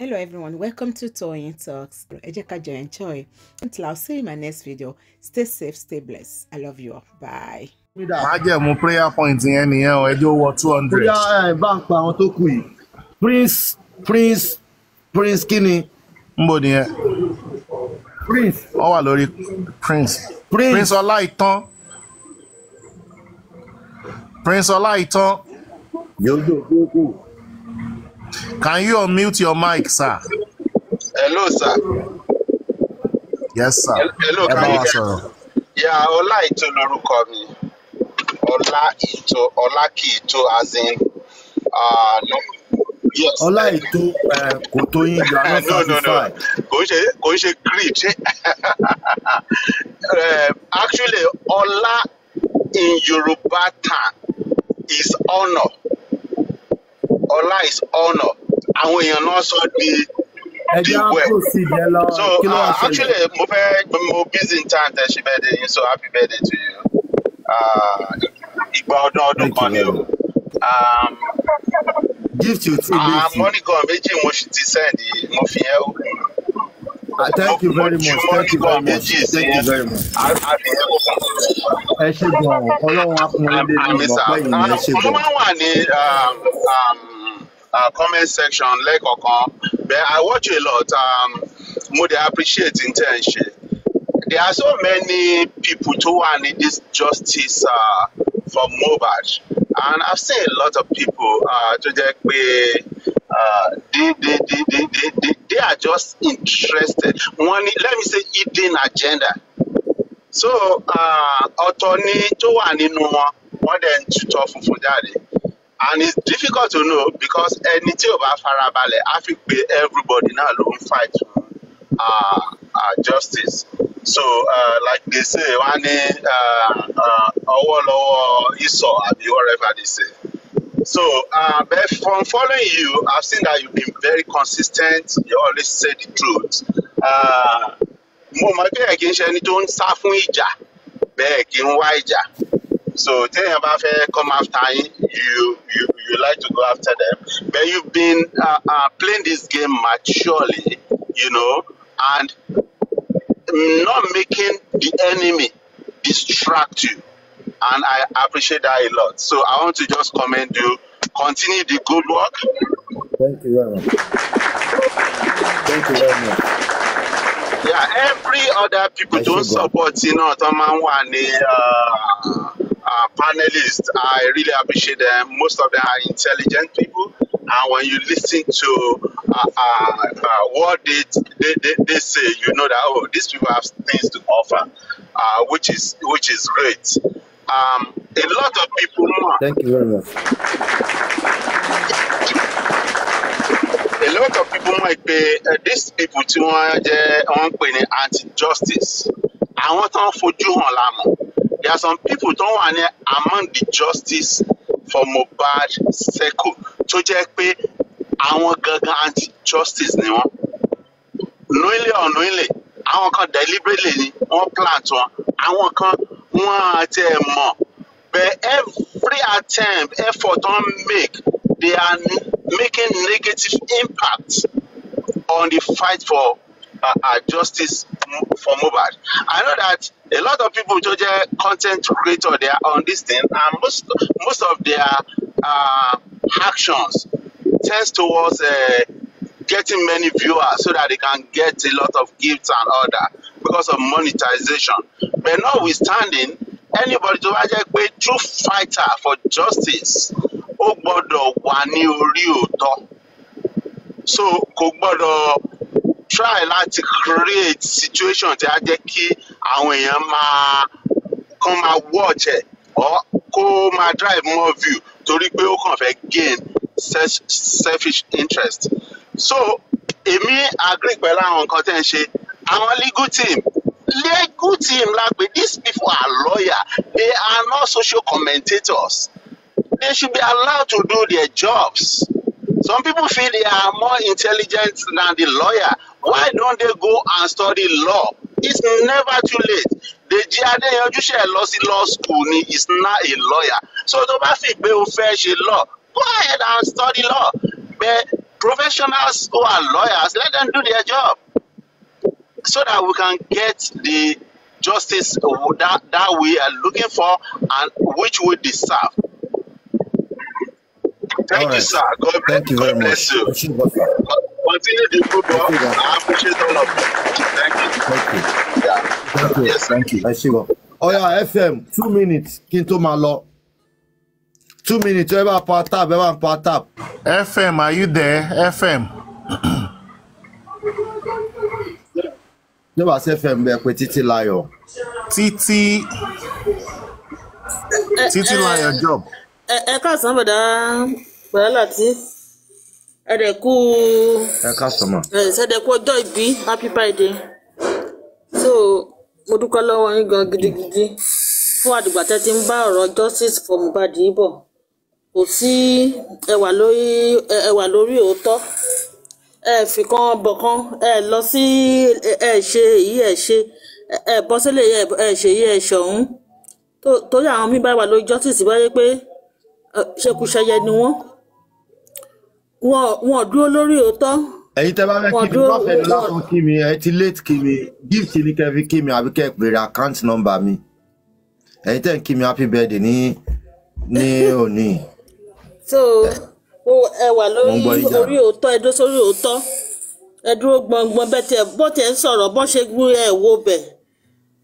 hello everyone welcome to Toyeen Talks ẹ jẹ́ ká enjoy until i'll see you in my next video stay safe stay blessed i love you all bye. I get my prayer point in nìyẹn o ẹjọ́ wọ two hundred. bóyá bá ń pa prince prince prince kini. n bò nìyẹn. prince. wọ́n wà lórí prince. prince prince ọláìtàn. prince ọláìtàn. yóò dùn kúkú. Can you unmute your mic, sir? Hello, sir. Yes, sir. Hello, Hello can you hear me? Yeah, Ola ito lorúkọ mi. Ọlá Ìtò, Ọlá kì í tó as in uh, no. Yes. Ọlá Ìtò kò tó yín ju àná thirty-five. Kò ń ṣe kò ń ṣe um, Actually, Ola in Yoruba town is honor. Ọlá is honour. Àwọn èèyàn náà sọ di di well. So uh, actually mo fẹ́ mo busy in time tẹ̀ ṣe birthday yín so happy birthday to you. Uh, ìgbà ọdún ọdún kan ni o. Um, gift you too. Ah, Mọ́nìgàn méjì mo ti send yìí, mo fi ẹ́ o. Uh, ah, thank you very much. Thank you very much. Thank you very much. Ẹ ṣe gan-an, ọlọ́run á ní ìmọ̀ pẹ́yìn ah, ní ẹ ṣe gan-an. Mo máa uh, comment section lẹ́ẹ̀kọ̀kan but I watch a lot um, mo dey appreciate n tẹ́ ń there are so many people tó wà ní this justice uh, for Mohbad and I've seen a lot of people uh, tó jẹ́ pé uh, they they they they they they are just interested wọ́n let me say hidden agenda so uh, ọ̀tọ̀ uh, ni tó wà nínú wọn wọ́n dẹ̀ ń tutọ́ funfun jáde and it's difficult to know because ẹni tí ò bá farabalẹ̀ á fi pé everybody náà ló ń fight for uh, uh, justice so uh, like they say wọ́n á ní uh, uh, ọwọ́ lọ́wọ́ ìsọ̀ àbí whatever they say. So, uh, but from following you, I've seen that you've been very consistent. You always say the truth. Uh, mo mọ̀ pé ẹ̀kí ń ṣe ẹni tó ń sá fún ìjà bẹ́ẹ̀ kí ń wá ìjà. So téèyàn about fẹ́ come after yín, you you you like to go after them. But you've been uh, uh, playing this game maturely, you know, and not making the enemy distract you. And I appreciate that a lot. So I want to just commend you. Continue the good work. Thank you very much. Thank you very much. Yeah, every other people I don't support you know, Toman Wani. Uh, our uh, panelists. I really appreciate them. Most of them are intelligent people. And when you listen to uh, uh, uh, what they, they, they, they, say, you know that, oh, these people have things to offer, uh, which, is, which is great. Um, a lot of people. Thank you very much. A lot of people might pay uh, these people tí want jẹ́ wọ́n ń pè ní anti-justice. Àwọn tó ń fojú hàn lámọ̀. There are some people tó wà ní among the justice for Mohbad circle tó jẹ́ pé àwọn gangan anti justice ni wọ́n knowingly or unknowingly àwọn kan deliberately ni wọ́n plant wọn àwọn kan wọ́n àti ẹ̀ mọ̀ but every attempt effort don make they are making negative impact on the fight for uh, uh, justice for Mohbad. I know that a lot of people judge content creator they are on this thing, and most most of their uh, actions tends towards uh, getting many viewers so that they can get a lot of gifts and all that because of monetization. But notwithstanding, anybody tó bá jẹ́ true fighter for justice ó gbọ́dọ̀ wà ní orí òótọ́ so kò gbọ́dọ̀ try láti create situation tí a jẹ́ kí àwọn èèyàn máa kàn máa watch ẹ̀ or kó máa drive more view torí pé ó kàn fẹ́ gain selfish interest. so èmi agree pẹ̀lú àwọn nǹkan tẹ́ ń ṣe àwọn legal team legal team la pé these people are lawyer they are not social commentators they should be allowed to do their jobs. Some people feel they are more intelligent than the lawyer. Why don't they go and study law? It's never too late. Dèjì Adéyanjú ṣe lọ sí law school ni is not a lawyer. So tó bá fi pé o fẹ́ ṣe law, go ahead and study law. But professionals who are lawyers, let them do their job so that we can get the justice that, that we are looking for and which we deserve. Thank all you, right. sir. God bless, Thank you very God bless much. you. Continue the good work. I appreciate all of you. Thank you. Thank you. Yeah. Thank you. Yes, thank you. Ẹ ṣe wọ. Ọya FM two minutes kí n tó máa lọ. Two minutes ẹ bá pa tap ẹ bá pa tap. FM are you there? FM. Nígbà tí FM bẹ pé Títí Láyọ̀. Títí Títí Láyọ̀ job. Ẹ ká sàn bọ̀dá pẹ̀lá tí ẹ̀dẹ̀kú. ẹ ká sọmọ. ẹ̀sẹ̀dẹ̀kú ọjọ́ ìbí happy birthday. so mo dúpẹ́ lọ́wọ́ yín gan gidigidi fún àdìgbà tẹ́ ti ń bá ọ̀rọ̀ justice for Mohbad yìí bọ̀ kò sí ẹwà lórí ẹwà lórí òótọ́ ẹ fi kan bọ̀ kan ẹ lọ sí ẹ ṣe èyí ẹ ṣe ẹ bọ́ sílé ẹ ṣe èyí ẹ ṣọ̀hún torí àwọn mi bá wà lórí justice báyé pé ṣekúṣẹyẹ ni wọ́n wọn dúró lórí òótọ́. ẹ̀yin tẹ́ bá fẹ́ kí mi bá fẹ́ lásán kí mi ẹ ti late kí mi gift ní kẹ́ fi kí mi àbí kẹ́ pèrè account number mi ẹ̀yin tẹ́ ń kí mi happy birthday ní ní òní. so ẹ wà lórí orí òótọ́ ẹ dúró sórí òótọ́ ẹ dúró gbọ̀ngbọ̀n bẹ́ẹ̀ tẹ bó tẹ ń sọ̀rọ̀ bó ṣe gbúrú ẹ wò bẹ́ẹ̀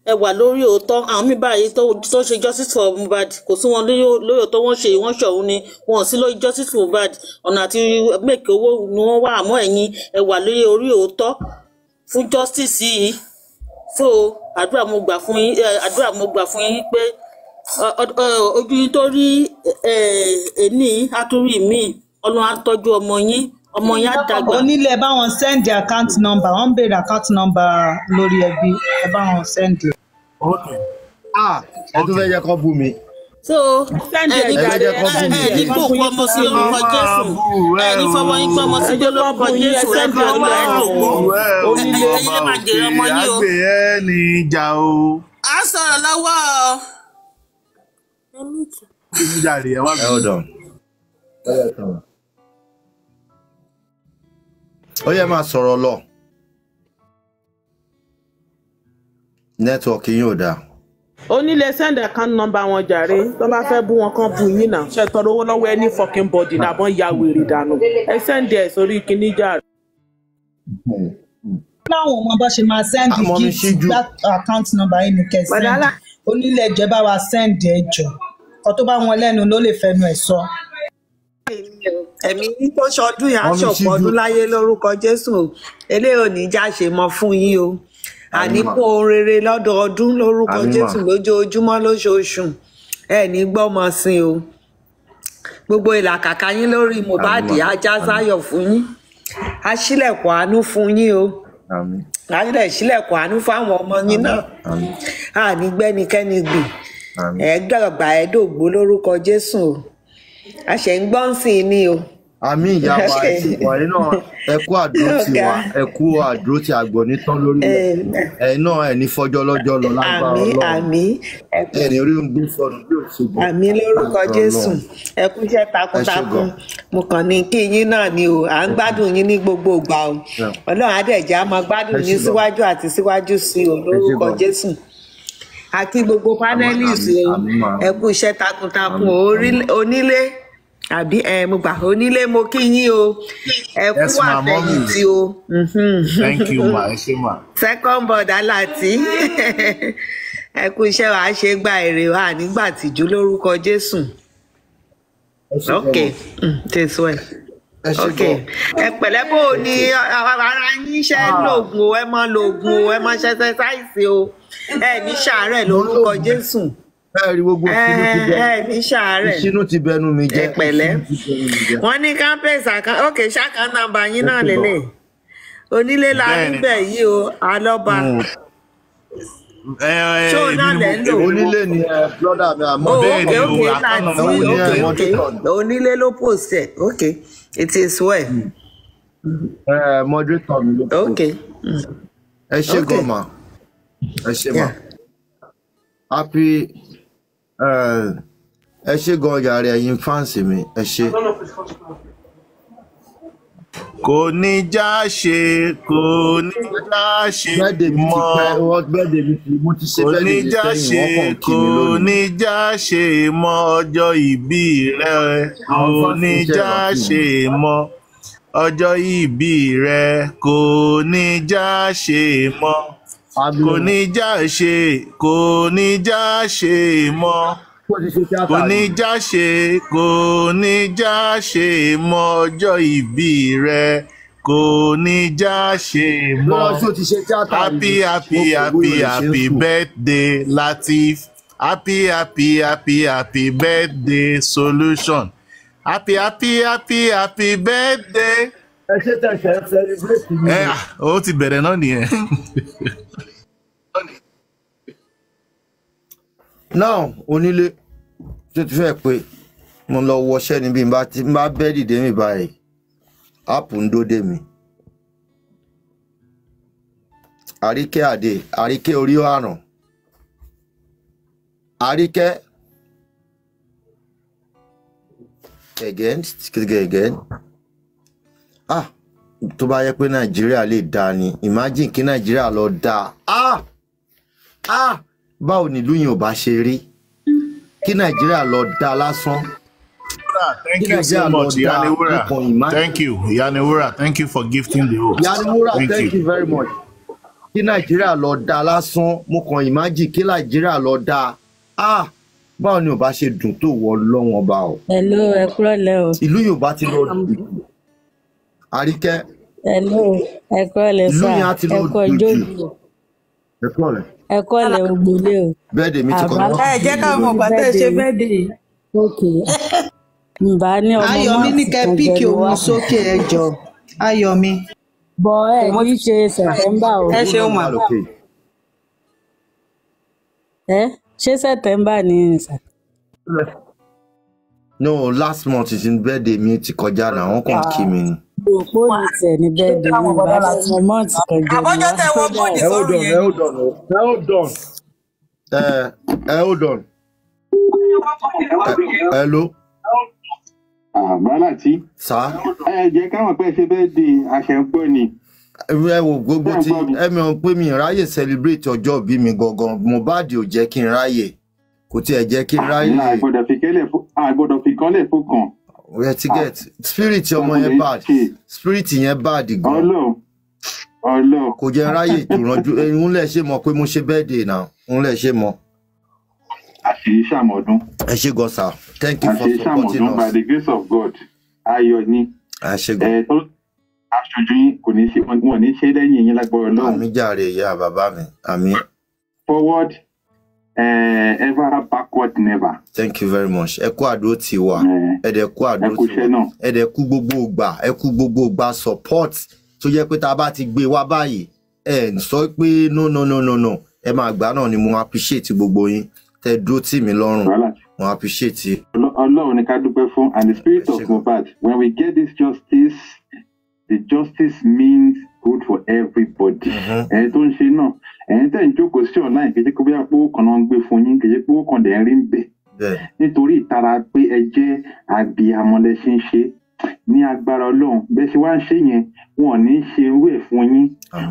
ẹ wà lórí òótọ́ àwọn mi báyìí tó ṣe justice for Mohbad kò sí wọn lórí òótọ́ wọ́n ṣe wọ́n ṣọ̀hún ni wọn ò sí lórí justice for Mohbad ọ̀nà àti mèkè owó ni wọ́n wá àmọ́ ẹ̀yin ẹ wà lórí orí òótọ́ fún justice yìí so àdúrà mo gbà fún yín àdúrà mo gbà fún yín pé ojú yín tó rí ẹni àtúrí mi ọlọ́run á tọ́jú ọmọ yín ọmọ yẹn á dàgbà. onílé ẹ bá wọn send account number wọn béèrè account number lórí ẹbí ẹ bá wọn send. ah ẹ tún fẹ́ jẹ́ kó bú mi so ẹni ẹni kò kú ọmọ sí orúkọ jésù ẹni fọwọ́ yín pé ọmọ sí orúkọ jésù ẹni ọmọ ẹ lò ó ẹni lè máa jèrè ọmọ yín o. a sọ̀rọ̀ lọ́wọ́ ọ. ẹ hold on ó yẹ máa sọ̀rọ̀ lọ nẹ́tíwọ̀kì yín dáa. ó nílé send account number wọn jàre tó bá fẹ́ bú wọn kan bú yín náà ṣe tọrọ owó lọ́wọ́ ẹni fucking body náà bọ́n ya wèrè dànù ẹ send ẹ̀ sórí kíní jàre. láwọn ọmọ bá ṣe máa send gift that account number yìí ní kẹsàn-án onílé ẹjọ́ bá wa send ẹjọ́ kó tó bá wọn lẹ́nu ló lè fẹnu ẹ̀ sọ. So ẹ̀mí tó ṣọdún yà ṣọ̀pọ̀ ọdún láyé lórúkọ Jésù eléyìí ò ní já ṣe mọ fún yín o àníkún rere lọ́dọọdún lórúkọ Jésù lójoojúmọ́ lóṣooṣù ẹ ní gbọ́mọ sí o gbogbo ìlàkàkà yín lórí Mohbad ajá sáyọ̀ fún yín aṣílẹ̀kùn àánú fún yín o láyé ìṣílẹ̀kùn àánú fáwọn ọmọ yín náà àní gbẹ́nikẹ́ni gbìn ẹ̀ẹ́dọ̀gbà ẹ̀ẹ́dògbó lórúkọ Jésù o. a ń gbọ́n o. àmì ìyá wa ẹ ti wà nínú àdúró ti lórí ẹ náà ẹ ní fọjọ́ lọ lágbára Ọlọ́run àmì àmì orí ń gbé sọnù bí àmì lórúkọ Jésù ẹkú iṣẹ́ takuntakun mo ní kí yín náà ni o à ń gbádùn yín ní gbogbo ìgbà o Ọlọ́run máa gbádùn yín àti gbogbo panelist ẹ kú iṣẹ́ takuntakun onílé àbí ẹ mo gbà onílé mo kí yín o ẹ kú àfẹ̀yìntì o. Mhm. thank you ma ẹ ṣe ma. second board alati ẹ kú iṣẹ́ wa ṣe gba èrè wa nígbà tìjú lórúkọ Jésù. ok mm, tẹ̀síwájú ok ẹ pẹ̀lẹ́ bó o ní ara yín ṣe ah. lóògùn o ẹ máa lóògùn o ẹ máa ṣe ṣẹṣáìsì o ẹ ní ṣàárẹ̀ lórúkọ Jésù ẹ rí gbogbo ìṣínú ti bẹnu mi jẹ́ ẹ pẹ̀lẹ́ wọ́n ní campus àkàn ok ṣáàkà nàmbà yín náà lélẹ̀ onílé la ń bẹ̀ yìí o alọ́ba mm. ṣó náà lẹ́ ń lò onílé ni brother mi àmọ́ oh, o àkànnà òun ni ẹ̀ wọ́n ti tọ̀ onílé ló post ok. okay. okay. okay. okay. okay it is well. Mm-hmm. Uh, mm. ẹ moderator mi ló kọ ẹ ṣe gan ma ẹ ṣe ma happy uh, ẹ ṣe gan yàrá ẹ̀yin fáǹsì mi ẹ ṣe kò ní já ṣe kò ní já ṣe mọ́ kò ní já ṣe kò ní já ṣe mọ́ ọjọ́ ìbí rẹ kò ní já ṣe mọ́ ọjọ́ ìbí rẹ kò ní já ṣe mọ́ kò ní já ṣe kò ní já ṣe mọ́ kò ní já ṣe kò ní já ṣe mọ ọjọ́ ìbí rẹ kò ní já ṣe mọ happy happy happy happy birthday Latif. happy happy happy happy birthday solution happy happy happy happy birthday. ẹ ṣe tẹ̀sán celebrate mi. ẹ ah, ó ti bẹ̀rẹ̀ náà nìyẹn. now onílé tó ti fẹ́ pé mo lọ wọṣẹ́ níbi n bá ti n bá bẹ́ dìde mi báyìí áàpù ń dóde mi àríkẹ́ àdè àríkẹ́ orí àrùn àríkẹ́ again again ah tó bá yẹ pé nàìjíríà lè dáa ni imagine kí nàìjíríà lọ dáa ah ah báwo nílùú yìí ò ṣe rí kí nàìjíríà lọ dá lásán. Ah, thank you so much, Yaniwura. Thank you, Yaniwura. Thank you for gifting the host. Yaniwura, thank, thank you. you very much. Kí Nàìjíríà lọ da lásán, mo kàn ìmájì kí Nàìjíríà lọ da. Ah, báwo ni ò bá ṣe dùn tó wọ lọ́wọ́n bá o. Hello, ẹ kúrọ̀ lẹ́ o. Ìlú yóò ti lọ dùn. Àríkẹ́. Hello, ẹ kúrọ̀ lẹ́ sá. Ìlú yẹn á ti ẹ kọ́ lẹ̀ ògbólé o. bẹ́ẹ̀dẹ̀ mi ti kọ́ lọ́wọ́. ẹ jẹ́ ká mọ̀ bàtà ẹ ṣe bẹ́ẹ̀dẹ̀. ok nbà ní ọmọ máa ayọ̀mí ní kẹ́ píkì òun sókè ẹ jọ ayọ̀mí. bọ ẹ ní ṣe sẹtẹmbà o. ẹ ṣeun ma. ẹ ṣé sẹtẹmbà ni sà. no last month is in birthday mi ti kọjá náà wọn kàn kí mi ni òpó hold on hold on hold on ẹ hold on. Eh, eh, eh, hello. Ah, bọ́lá tí. sá. ẹ jẹ́ káwọn pẹ́ ṣe bẹ́ẹ̀ di àṣẹ̀ǹpọ̀ ni. ẹ wo gbogbo tí ẹ mọ̀ pé mi ráyè celebrate ọjọ́ ìbí mi gangan Mohbad ò jẹ́ kí n ráyè kò tiẹ̀ jẹ́ kí n ah, ráyè. àgbọ̀dọ̀ fi kọ́lẹ̀ fún kan ẹ ti get ah. spirit ọmọ yẹn bad eh. spirit yẹn bad gan. ọlọ ọlọ. kò jẹ́ ráyè ìtòrànjú ń lẹ̀ ṣe mọ̀ pé mo ṣe bẹ́ẹ̀ dè náà ń lẹ̀ ṣe mọ̀. àṣírí ṣàmọ̀dún. ẹ ṣe gan sir thank you for supporting us. àṣírí ṣàmọ̀dún by the grace of God ayọ̀ ni. àṣegọ. ẹ eh, aṣojú yín kò ní ṣe wọn ní ṣe lẹ́yìn yín lágbára Ọlọ́run. àmì jàre ìyá bàbá mi àmì. forward Eh, ever backward never. thank you very much ẹ kú àdúró tì wá eh, ẹ dẹ̀ kú àdúró tì wá ẹ dẹ̀ kú gbogbo ìgbà ẹ kú gbogbo ìgbà support tó jẹ́ pé tá a bá ti gbé wá báyìí ẹ sọ pé no no no no no ẹ máa gbà náà ni mo appreciate gbogbo yín tẹ dúró tì mí lọ́rùn mo appreciate. ọlọ́run ni ká dúpẹ́ fún and the spirit of Mohbad when we get this justice the justice means good for everybody. Mm-hmm. ẹ tó ń ṣe náà ẹ̀yin tẹ̀ ń jókòó sí online kì í ṣe pé bóyá pé ó kàn náà ń gbé fún yín kì í ṣe pé ó kàn dẹ̀ ń rí ń bẹ̀ nítorí ìtara pé ẹ jẹ́ abiyamọ lẹ ṣe ní agbára ọlọ́run bẹ́ẹ̀ ṣe wá ń ṣe yẹn wọn ò ní ṣe irú ẹ̀ fún yín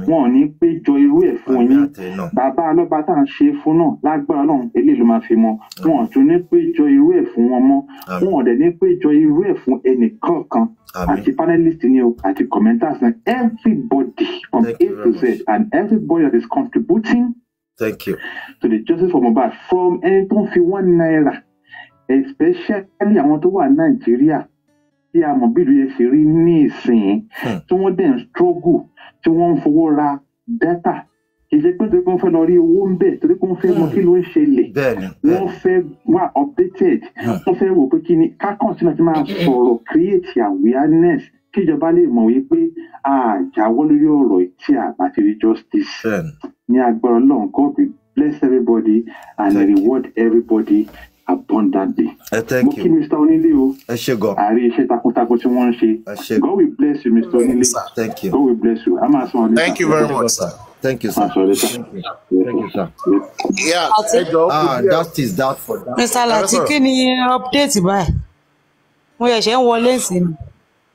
wọn ò ní péjọ irú ẹ̀ fún yín bàbá alọ́ba tá à ń ṣe fún náà lágbára ọlọ́run eléyìí ló máa fi mọ wọn ò tún ní péjọ irú ẹ̀ fún wọn mọ́ wọn ò dẹ̀ ní péjọ irú ẹ̀ fún ẹnìkọ̀ọ̀kan àti panelists ni o àti commenters na everybody from a to z and everybody that is contributing Thank you. to the justice for Mohbad from ẹni tó ń fi one naira especially àwọn tó wà Nàìjíríà tí a mọ̀ bílùú yẹn ṣe rí ní ìsìn hmm. tí wọ́n dẹ̀ ń struggle tí wọ́n ń fowó ra dátà kì í ṣe pé torí pé wọ́n fẹ́ lọ rí owó ń bẹ̀ torí pé wọ́n fẹ́ mọ hmm. kí ló ń ṣẹlẹ̀ wọ́n fẹ́ wà updated hmm. wọ́n fẹ́ wò pé kí ni kákan sílẹ̀ tí máa sọ̀rọ̀ create awareness kíjọba lè mọ̀ wípé àjáwọ́ lórí ọ̀rọ̀ tí àgbà ti rí justice ní agbára ọlọ́run God bless everybody and reward everybody abundantly. ẹ thank you mo kí mr onílé o. ẹ ṣe gan. ààrẹ iṣẹ́ takuntakun tí wọ́n ń ṣe. ẹ ṣe gan. God will bless you mr onílé. thank you. God will bless you. a máa sọ wọn nípa. thank you very much sir. Thank you, sir. Thank you. Thank you, sir. Yeah. Ah, that is that for that. Mr. Lati, kí ni update báyìí? Mo yẹ̀ ṣe ń wọlé sí ah, ni.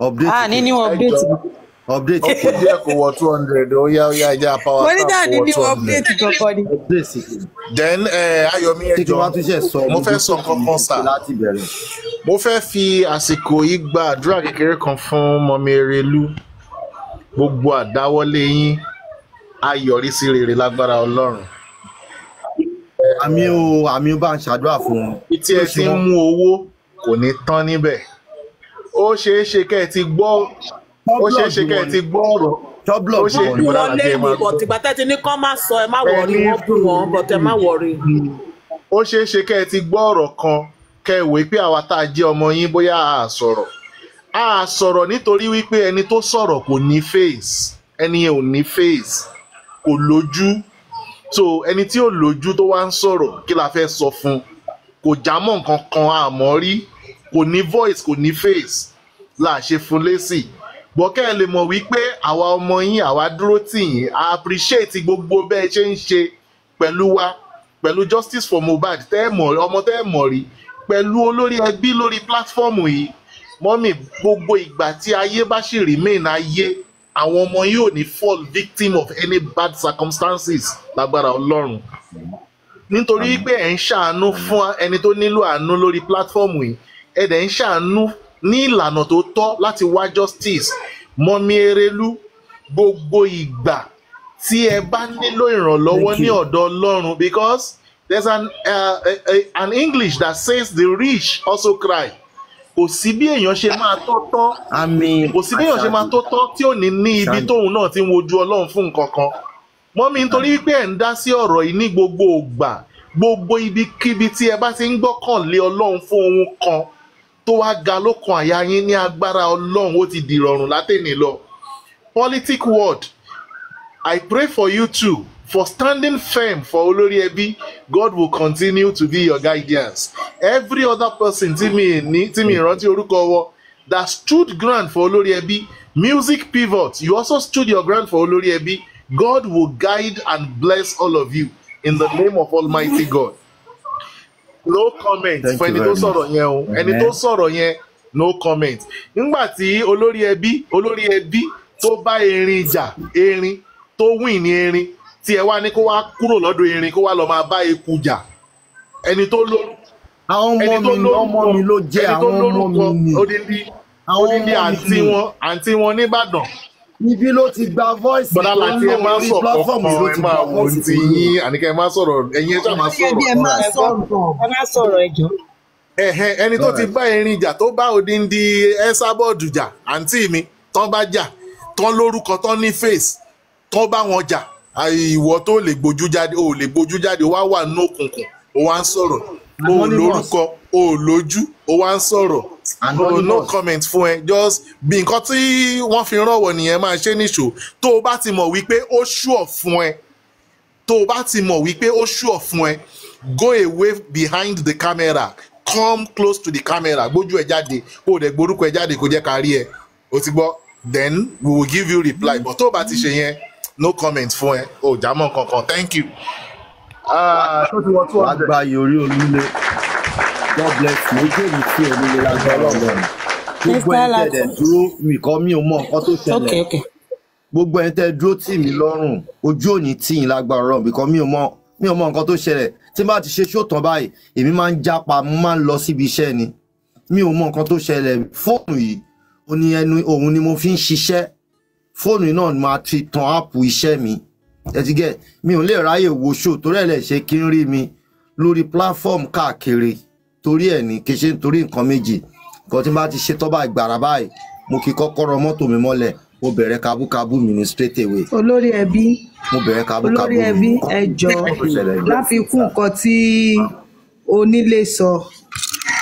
Update. Ah, ní ní update update okay díẹ̀ kò wọ two hundred ó yá ó yá ẹjẹ apáwá kò wọ two hundred then eh, ayọ̀mí ẹjọ́ mo fẹ́ sọ nǹkan kan sà mo fẹ́ fi àsìkò yìí gba àdúrà kékeré kan fún mọ́mí erelú gbogbo àdáwọ́lé yín ayọ̀rí sí rere lágbára ọlọ́run àmì o àmì o bá ń ṣàdúrà fún wọn. tí ẹ ti ń mú owó kò ní tán níbẹ̀ ó ṣeé ṣe kẹ́ ẹ ti gbọ́ ó ṣeé ṣe kẹ́ ẹ ti gbọ́ ọ̀rọ̀ tọ́blọ̀ ṣe ìbúra àti ẹ̀ máa gbọ́. tìgbà tẹ́ ti ní kán má sọ ẹ má wọrí wọ́n bú wọn bọ̀ tẹ́ má wọrí. ó ṣeé ṣe kẹ́ ẹ ti gbọ́ ọ̀rọ̀ kan kẹ́ ẹ wòó pé àwa tá a jẹ́ ọmọ yín bóyá a sọ̀rọ̀ a sọ̀rọ̀ nítorí wípé ẹni tó sọ̀rọ̀ kò ní face ẹni yẹn ò ní face kò lójú so ẹni tí ò lójú tó wá ń sọ̀rọ̀ kí la fẹ́ sọ fún kò jámọ́ nǹkan kan àmọ́ rí kò ní voice kò ní face là ṣe fún lésì. Si bọ̀kẹ́ ẹ lè mọ̀ wípé àwa ọmọ yín àwa dúró tì yín a appreciate gbogbo bẹ́ẹ̀ ṣe ń ṣe pẹ̀lú wa pẹ̀lú justice for Mohbad tẹ́ ẹ̀ mọ̀ ọmọ tẹ́ ẹ̀ mọ̀ rí pẹ̀lú olórí ẹbí lórí pílátífọ́ọ̀mù yìí mọ́mì gbogbo ìgbà tí ayé bá sì remain ayé àwọn ọmọ yìí ò ní fall victim of any bad circumstances lágbára Ọlọ́run nítorí pé ẹ̀ ń ṣàánú fún ẹni tó nílò àánú lórí pílátífọ́ọ̀mù yìí ẹ̀ dẹ̀ ń ṣàánú ní ìlànà tó tọ́ láti wá justice mọ́mí erelu gbogbo ìgbà tí ẹ bá nílò ìrànlọ́wọ́ ní ọ̀dọ̀ ọlọ́run because there's an, uh, a, a, an English that says the rich also cry kò sí bí èèyàn ṣe máa tọ́tọ́ kò sí bí èèyàn ṣe máa tọ́tọ́ tí ò ní ní ibi tóun náà ti ń wojú ọlọ́run fún nǹkan kan mọ́mí nítorí wípé ẹ̀ ń dá sí ọ̀rọ̀ yìí ní gbogbo ògbà gbogbo ibikíbi tí ẹ bá ti ń gbọ́kànlé ọlọ́run fún ohun kan tó wá ga lókun àyà yín ní agbára ọlọ́run ó ti dìrọ̀rùn látẹ̀ni lọ. politic word I pray for you too for standing firm for olórí ẹbí God will continue to be your guidance every other person tí mi ní tí mi rántí orúkọ wọ that stood ground for olórí ẹbí music pivot you also stood your ground for olórí ẹbí God will guide and bless all of you in the name of Almighty God no comment fún ẹni tó sọ̀rọ̀ yẹn o ẹni tó sọ̀rọ̀ yẹn no comment nígbà tí olórí ẹbí olórí ẹbí tó bá erin jà erin tó wìn ní erin tí ẹ wá ní kó wá kúrò lọ́dọ̀ erin kó wá lọ́ọ́ máa bá eku jà ẹni tó lórúkọ àwọn ọmọ mi ọmọ mi ló jẹ́ àwọn ọmọ mi ni àwọn ọmọ mi ni àǹtí wọn àǹtí wọn nìbàdàn ibi ló ti gba voice bọ́dá láti ẹ máa sọ̀rọ̀ ọkàn ẹ máa wò ti yín àníkẹ́ ẹ máa sọ̀rọ̀ ẹ̀yin ẹ̀ṣá máa sọ̀rọ̀ ẹ máa sọ̀rọ̀ ẹ̀jọ̀. ẹ̀hẹ̀n ẹni tó ti bá erin jà tó bá odindi ẹ̀sábọ́ọ̀dù jà àǹtí mi tán bá jà tán lórúkọ tán ní face tán bá wọn jà ìwọ tó lè gbójú jáde ò lè gbójú jáde wá wà ní òkùnkùn ó wá ń sọ̀rọ̀ o ò lórúkọ o ò lójú o wá ń sọ̀rọ̀ no no comment fún ẹ just bí nǹkan tí wọ́n fi rànwọ́ nìyẹn máa ṣe níṣó tó o bá ti mọ̀ wípé ó ṣùọ̀ fún ẹ tó o bá ti mọ̀ wípé ó ṣùọ̀ fún ẹ go away behind the camera come close to the camera gbójú ẹ jáde kó o dẹ̀ gborúkọ ẹ jáde kó jẹ́ ká rí ẹ o ti gbọ́ then we will give you reply but tó o bá ti ṣe yẹn no comment fún ẹ o ò já kankan thank you tó ah, ti wọ two god bless you ojú èmi tí olúlé lágbára ọlọ́run gbogbo ẹni tẹ̀dẹ̀ dúró mi kọ́ mi ò mọ nǹkan tó ṣẹlẹ̀ gbogbo ẹni tẹ̀ dúró tì mí lọ́rùn ojú òní tì yín lágbára ọlọ́run bìkọ́ mi ò mọ mi ò mọ nǹkan tó ṣẹlẹ̀ tí bá ti ṣe ṣòtàn báyìí èmi máa ń jápa mo máa ń lọ síbi iṣẹ́ ni mi ò mọ nǹkan tó ṣẹlẹ̀ fóònù yìí òun ni mo fi ń ṣiṣẹ́ fóònù náà ni màá ti tan áàpù iṣẹ́ mi ẹtì gẹ mi ò lè ráyè wo show torí ẹ lè ṣe kí n rí mi lórí platform káàkiri torí ẹ ní kí n ṣe nítorí nǹkan méjì nǹkan tí n bá ti ṣe tọ́ba ìgbàrà báyìí mo kì í kọ́kọ́rọ́ mọ́tò mi mọ́lẹ̀ mo bẹ̀rẹ̀ kábúkábú mi ní straight away. olórí ẹbí mo bẹ̀rẹ̀ kábúkábú olórí ẹbí ẹjọ́ láfikún nǹkan tí onílé sọ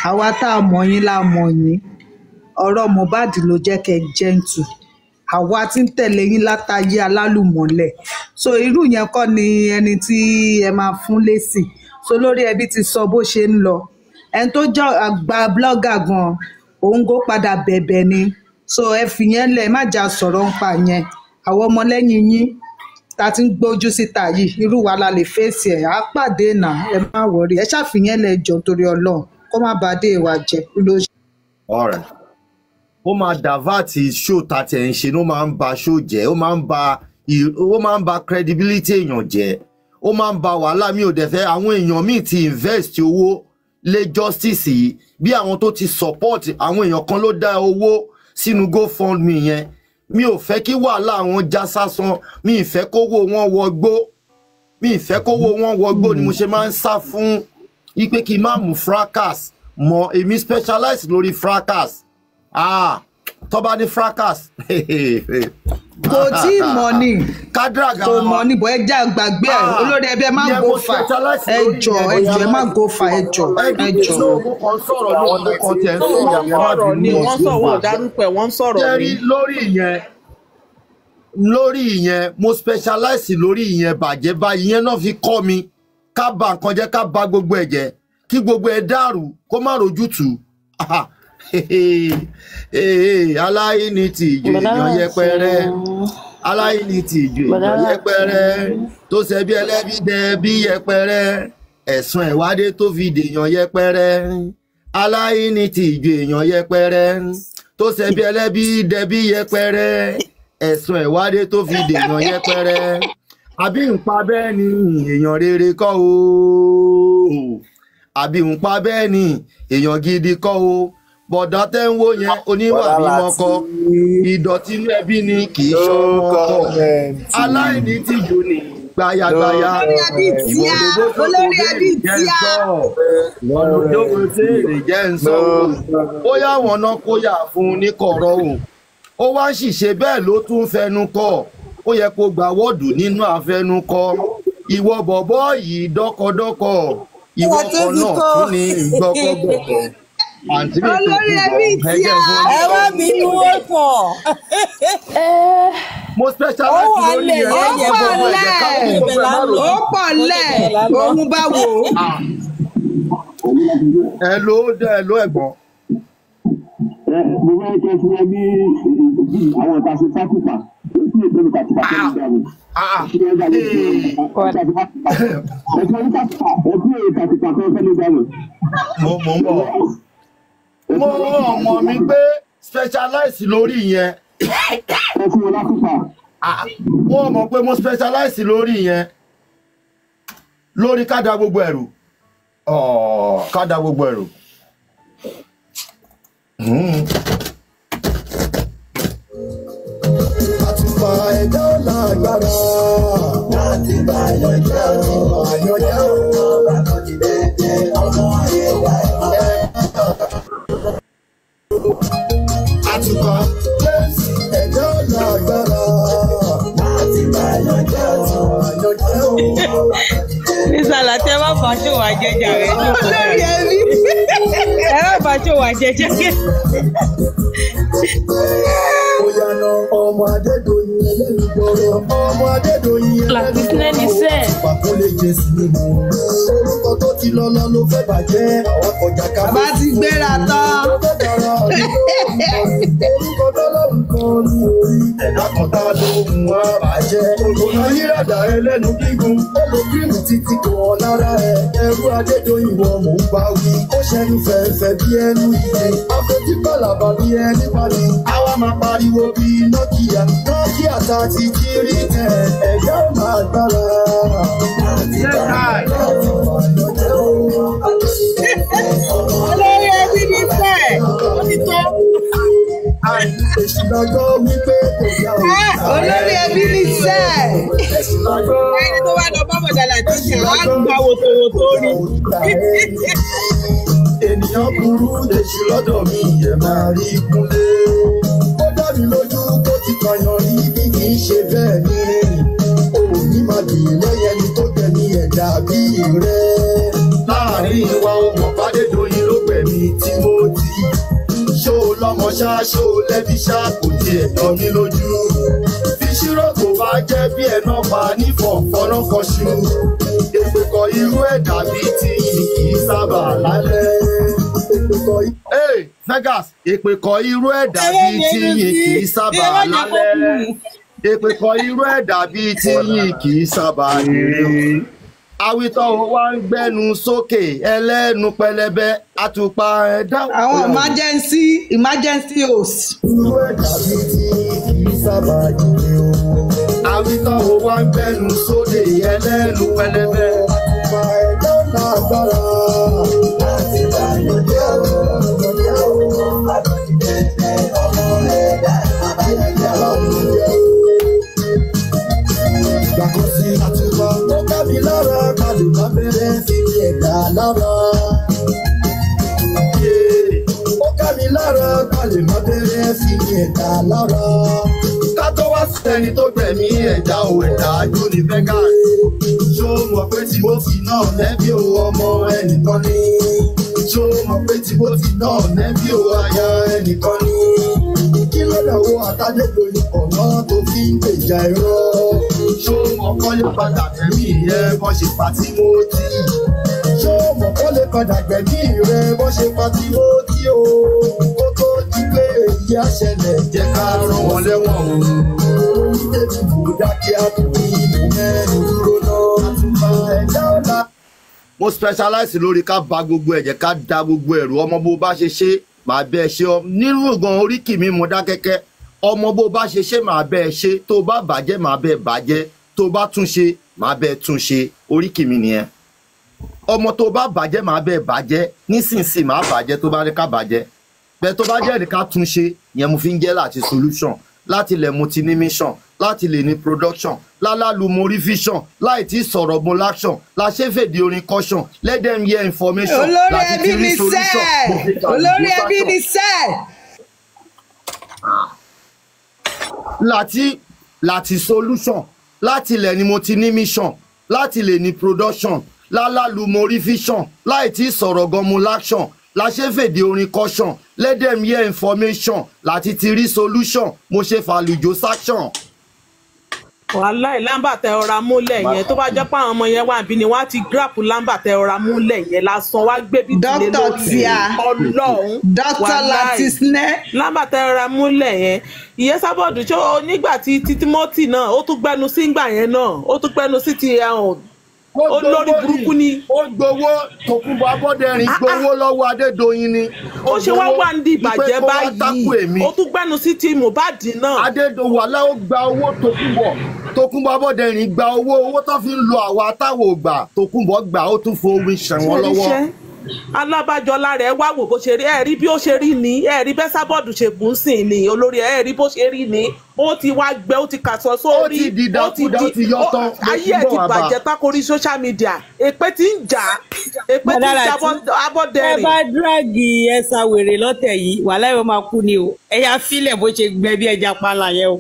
àwa tá a mọ̀ yín la mọ̀ yín ọ̀rọ̀ Mohbad ló jẹ́ kẹ́ gentle àwa ti ń tẹ̀lé yín látàyé alálùmọ̀lẹ̀ so irú yẹn kọ́ ni ẹni tí ẹ máa fún lésì so lórí ẹbí ti sọ bó ṣe ń lọ ẹni tó jẹ́ àgbà blọ́gà gan òun kó padà bẹ̀bẹ̀ ni so ẹ fìyẹn lẹ̀ má jà sọ̀rọ̀ ń pa yẹn àwọn ọmọlẹ́yìn yín ta ti ń gbójú síta yìí irú wa la lè fèsì ẹ̀ á pàdé nà ẹ má wọrí ẹ ṣàfihàn lẹ́jọ́ torí ọlọ́run kó má bàa ìwà jẹ ló ṣe ó máa dàváàtì ṣó tàtí ẹ̀ ń ṣe ló máa ń ba ṣó jẹ́ ó máa ń ba ó máa ń ba credibility èèyàn jẹ́ ó máa ń ba wàhálà mi ò dẹ̀ fẹ́ àwọn èèyàn míì ti invest owó lé justice yìí bí àwọn tó ti support àwọn èèyàn kan ló dá owó sínú GoFundMe yẹn mi ò fẹ́ kí wàhálà àwọn já sásán mi ì fẹ́ kówó wọn wọgbó mi ì fẹ́ kówó wọn wọgbó ni mo ṣe máa ń sá fún yí pé kí n má mú fracas mọ́ èmi specialize lórí fracas ah bá ní fracas. kò tí mọ̀ ni kò ni gbàgbé ah, olórí ẹbí ẹ má go fa ẹ má go fa ẹjọ ẹjọ wọ́n sọ̀rọ̀ ní wọ́n sọ̀rọ̀ lórí ìyẹn lórí mo specialize lórí ìyẹn bàjẹ́ báyìí ìyẹn náà fi kọ́ mi ká ba nǹkan jẹ́ ba gbogbo ẹ̀ jẹ́ gbogbo dàrú kó aláìní ti ìjò èèyàn yẹpẹrẹ aláìní ti ìjò èèyàn yẹpẹrẹ tó ṣẹbi ẹlẹ́bi dẹbi yẹpẹrẹ ẹ̀sùn ẹ̀wádé tó fi dèèyàn yẹpẹrẹ aláìní ti ìjò èèyàn yẹpẹrẹ tó ṣẹbi ẹlẹ́bi dẹbi yẹpẹrẹ ẹ̀sùn ẹ̀wádé tó fi dèèyàn yẹpẹrẹ àbí ńpa bẹ́ẹ̀ ni èèyàn rere kọ́ o àbí ńpa bẹ́ẹ̀ ni èèyàn gidi kọ́ o. bọ̀dá tẹ́ ń wó yẹn oníwà mímọ́ kọ́ ìdọ̀tí inú ẹbí ni kì í ṣọmọ kọ́ aláìní tìjú ni gbayagbaya ìwọ lóbó tó kò béèrè jẹ́ ń sọ wọn ló jókòó téèrè jẹ́ ń sọ bóyá wọn náà kó yà fún un ní kọ̀rọ̀ o ó wá ṣìṣe bẹ́ẹ̀ ló tún fẹnu kọ́ ó yẹ kó gba wọ́ọ̀dù nínú àfẹnukọ́ ìwọ bọ̀bọ́ yìí dọ́kọ̀dọ́kọ̀ ìwọ kan náà tún ní gbọ́kọ̀gbọ̀kọ̀ àǹtí mi tó kú bọ̀ ẹgbẹ́ fún mi. ẹ wá mi ní wọ́n pọ̀. mo specialize lórí ẹ̀ ó pọ̀ lẹ̀ ó pọ̀ lẹ̀ òun bá wò ó. ẹ ló ẹ ló ẹ̀gbọ́n. mo fẹ́ kẹ́ fún ẹ ní àwọn ìtàsí fákùpà ó sì lè fẹ́ mi kàtìkà tó ń dáwọ̀. Mo mo ń bọ̀ mo rán ọmọ mi pé specialize lórí yẹn. ẹ fún wọn lákùpà. wọ́n mọ̀ pé mo specialize lórí yẹn lórí ká da gbogbo ẹ̀rù ká da gbogbo ẹ̀rù. àtìpà ẹ̀dá ọ̀la agbára. àtìpà ẹ̀yọ̀jẹ̀ ọ̀la ẹ̀yọ̀jẹ̀ ọ̀la ọ̀la ọ̀la ọ̀la ọ̀la ọ̀la ọ̀la ọ̀la ọ̀la ọ̀la àtùkọ jésù ẹ̀dá ọ̀nà ọ̀gbọ́rọ̀ láti bá lọ́jọ́ lọ́jọ́ nísàlà tẹ má bá ṣòwò àjẹjà rẹ jókòó ẹ má bá ṣòwò àjẹjà rẹ. ó yànnà ọmọ adédọ̀yìn ọmọ adédọ̀yìn ẹlẹ́nu pàkó lè jẹ sí i orúkọ tó ti lọ́lọ́ ló fẹ́ bàjẹ́ àwọn kọjá ká bá ti gbéra tán orúkọ tó lọ́rùn kan ní orí ẹ̀dá kan tá a lò ń wá bàjẹ́ òkòlá yíràdà ẹlẹ́nu gígùn ó lo kírìmù títí kan lára ẹ̀ ẹrú adédọ̀yìn wọ́n mò ń bá wí ó ṣẹ́nu fẹ́ẹ́fẹ́ bí ẹnu yìí tí kọlàbà bí ẹni pàdé àwa máa pariwo bí Nokia Nokia thirty three ten ẹ̀yà máa gbára. olórí ẹbí mi fẹ́ ó ti tó. Èsìlágbọ́ wípé kò yá o. Ah, olórí ẹbí mi sẹ́. Ẹni tó wá lọ bá bọ̀dà làjọṣe, wọ́n á gbà wòtòwòtò rí èèyàn burú dèṣì lọ́dọ̀ mi ẹ̀ máa rí kúnlé. ó dá mi lójú tó ti kàyàn rí bí kì í ṣe bẹ́ẹ̀ ni òun ní máa bì lẹ́yìn ẹni tó tẹ̀lé ẹ̀dá bí rẹ̀. láàrin ìwà ọmọ Fádédoyin ló gbẹ̀mí Timothy ṣó o lọ́mọ ṣá ṣó o lẹ́bí ṣá kò tiẹ̀ jọ mí lójú. fíṣírò kò bá jẹ́ bí ẹ̀ náà pa nífọ̀ọ́fọ́nà kan ṣu. èpè kan irú ẹ̀ dàbí tí kì í sábà lálẹ́. Vegas èpè kọ irú ẹ̀dá bíi ti yìí kì í sábà lálẹ́ èpè kọ irú ẹ̀dá bíi ti yìí kì í sábà rèé awitọ wa ń gbẹnu sókè ẹlẹ́nu pẹlẹbẹ àtùpà ẹ̀dá. àwọn emergency emergency host. irú ẹ̀dá bíi ti yìí kì í sábà rèé awitọ wa ń gbẹnu sókè ẹlẹ́nu pẹlẹbẹ. àtùpà ẹ̀dá náà gbára láti bá yọjẹ́. Gbàgbọ́sí àtúbọ̀ tó kábí lọ́rọ̀ kálùkọ́ bẹ̀rẹ̀ sí ní ẹ̀gbà lọ́rọ̀. Ó kábí lọ́rọ̀ kálùkọ́ bẹ̀rẹ̀ sí ní ẹ̀gbà lọ́rọ̀. Ká tó wá sí ẹni tó gbẹ̀mí ẹ̀dá ò ẹ̀dá jù ní Vegas. Ṣó mọ̀ pé tí mo fi náà lẹ́bí òun ọmọ ẹnìkan ní jó mọ̀ pé tí bó ti ná ọ̀nẹ́ bí o aya ẹnìkan ní. kí ló dàwọ́ àtàdégbò ni ọ̀nà tó fi ń gbèjà ẹ̀rọ. ṣó mọ̀ kọ́lé padà tẹ̀mí rẹ bọ́ ṣe pa tí mo ti. ṣó mọ̀ kọ́lé padà gbẹ̀mí rẹ bọ́ ṣe pa tí mo ti o. kó tó di pé èyí á ṣẹlẹ̀ jẹ́ ká rán wọn lẹ́wọ̀n o. orí tèmi kò dákẹ́ àtúntò ìlú mẹ́rin dúró náà. àtúntò ẹ̀dá mo specialize lórí ká ba gbogbo ẹ̀jẹ̀ ká da gbogbo ẹ̀rù ọmọ bó bá ṣe ṣe màá bẹ́ẹ̀ ṣe ọ nínú gan oríkì mi mo dákẹ́kẹ́ ọmọ bó bá ṣe ṣe màá bẹ́ẹ̀ ṣe tó bá bàjẹ́ màá bẹ́ẹ̀ bàjẹ́ tó bá tún ṣe màá bẹ́ẹ̀ tún ṣe oríkì mi nìyẹn ọmọ tó bá bàjẹ́ màá bẹ́ẹ̀ bàjẹ́ nísinsìnyí màá bàjẹ́ tó bá rí ká bàjẹ́ bẹ́ẹ̀ tó bá jẹ́ rí ká tún ṣe yẹn mo fi ń jẹ́ láti solution láti lè mo ti ní mission láti lè ní production lálálù mo rí vision láì tí sọ̀rọ̀ mo láṣàn láṣẹ́fèdè orin caution let them hear information láti ti rí solution mo fi kà olórí ẹbí ni sẹ́ẹ̀. láti láti solution láti lè ni mo ti ní mission láti lè ní production lálálù mo rí vision láì tí sọ̀rọ̀ gan mo láṣàn láṣẹ́fèdè orin caution let them hear information láti ti rí solution mo ṣe fàlùjọ sáṣàn. wàhálà ìlànà tẹ ọ̀rá múlẹ̀ yẹn tó bá jẹ́ pé àwọn ọmọ yẹn wà bí ni wọ́n á ti gíràpù lámbà tẹ ọ̀rá múlẹ̀ yẹn lásán wá gbé bí tilé lórí ọlọ́run wàhálà lámbà tẹ ọ̀rá múlẹ̀ yẹn ìyẹn sábọ̀dù ṣó nígbà tí Timothy náà ó tún gbẹnu sí ìgbà yẹn náà ó tún gbẹnu sí ti um, olórí burúkú ni. ó gbowó tòkunbọ̀ abọ́dẹ̀rìn ah, ah. gbowó lọ́wọ́ adédọ̀yìn ni. ó ṣe wá wà ní ìbàjẹ́ báyìí ó tún gbẹnu sí ti mohbad náà. adédọ̀wà láwọn gba owó tòkunbọ̀ tòkunbọ̀ abọ́dẹ̀rìn gba owó owó tó fi ń lo àwa táwọn ò gbà tòkunbọ̀ gbà ó tún fowó ṣẹ̀wọ̀n lọ́wọ́ alábàjọlá rẹ̀ wá wò bó ṣe rí ẹ̀rí bí ó ṣe rí ni ẹ̀rí bẹ́ sábọ́ọ̀dù ṣe gùn sí ni olórí ẹ̀rí bó ṣe rí ni ó ti wá gbẹ ó ti kàṣọ sórí ó ti di ayé ẹ̀ ti bàjẹ́ pákórí social media èpè ti ń jà èpè ti ń jà abọ́dẹ̀rìn. ẹ bá dúrágì ẹ̀sà wèrè lọ́tẹ̀ yìí wàhálà yóò máa kú ni o ẹ̀yà fílẹ̀ bó ṣe gbẹ bí ẹja pala yẹn o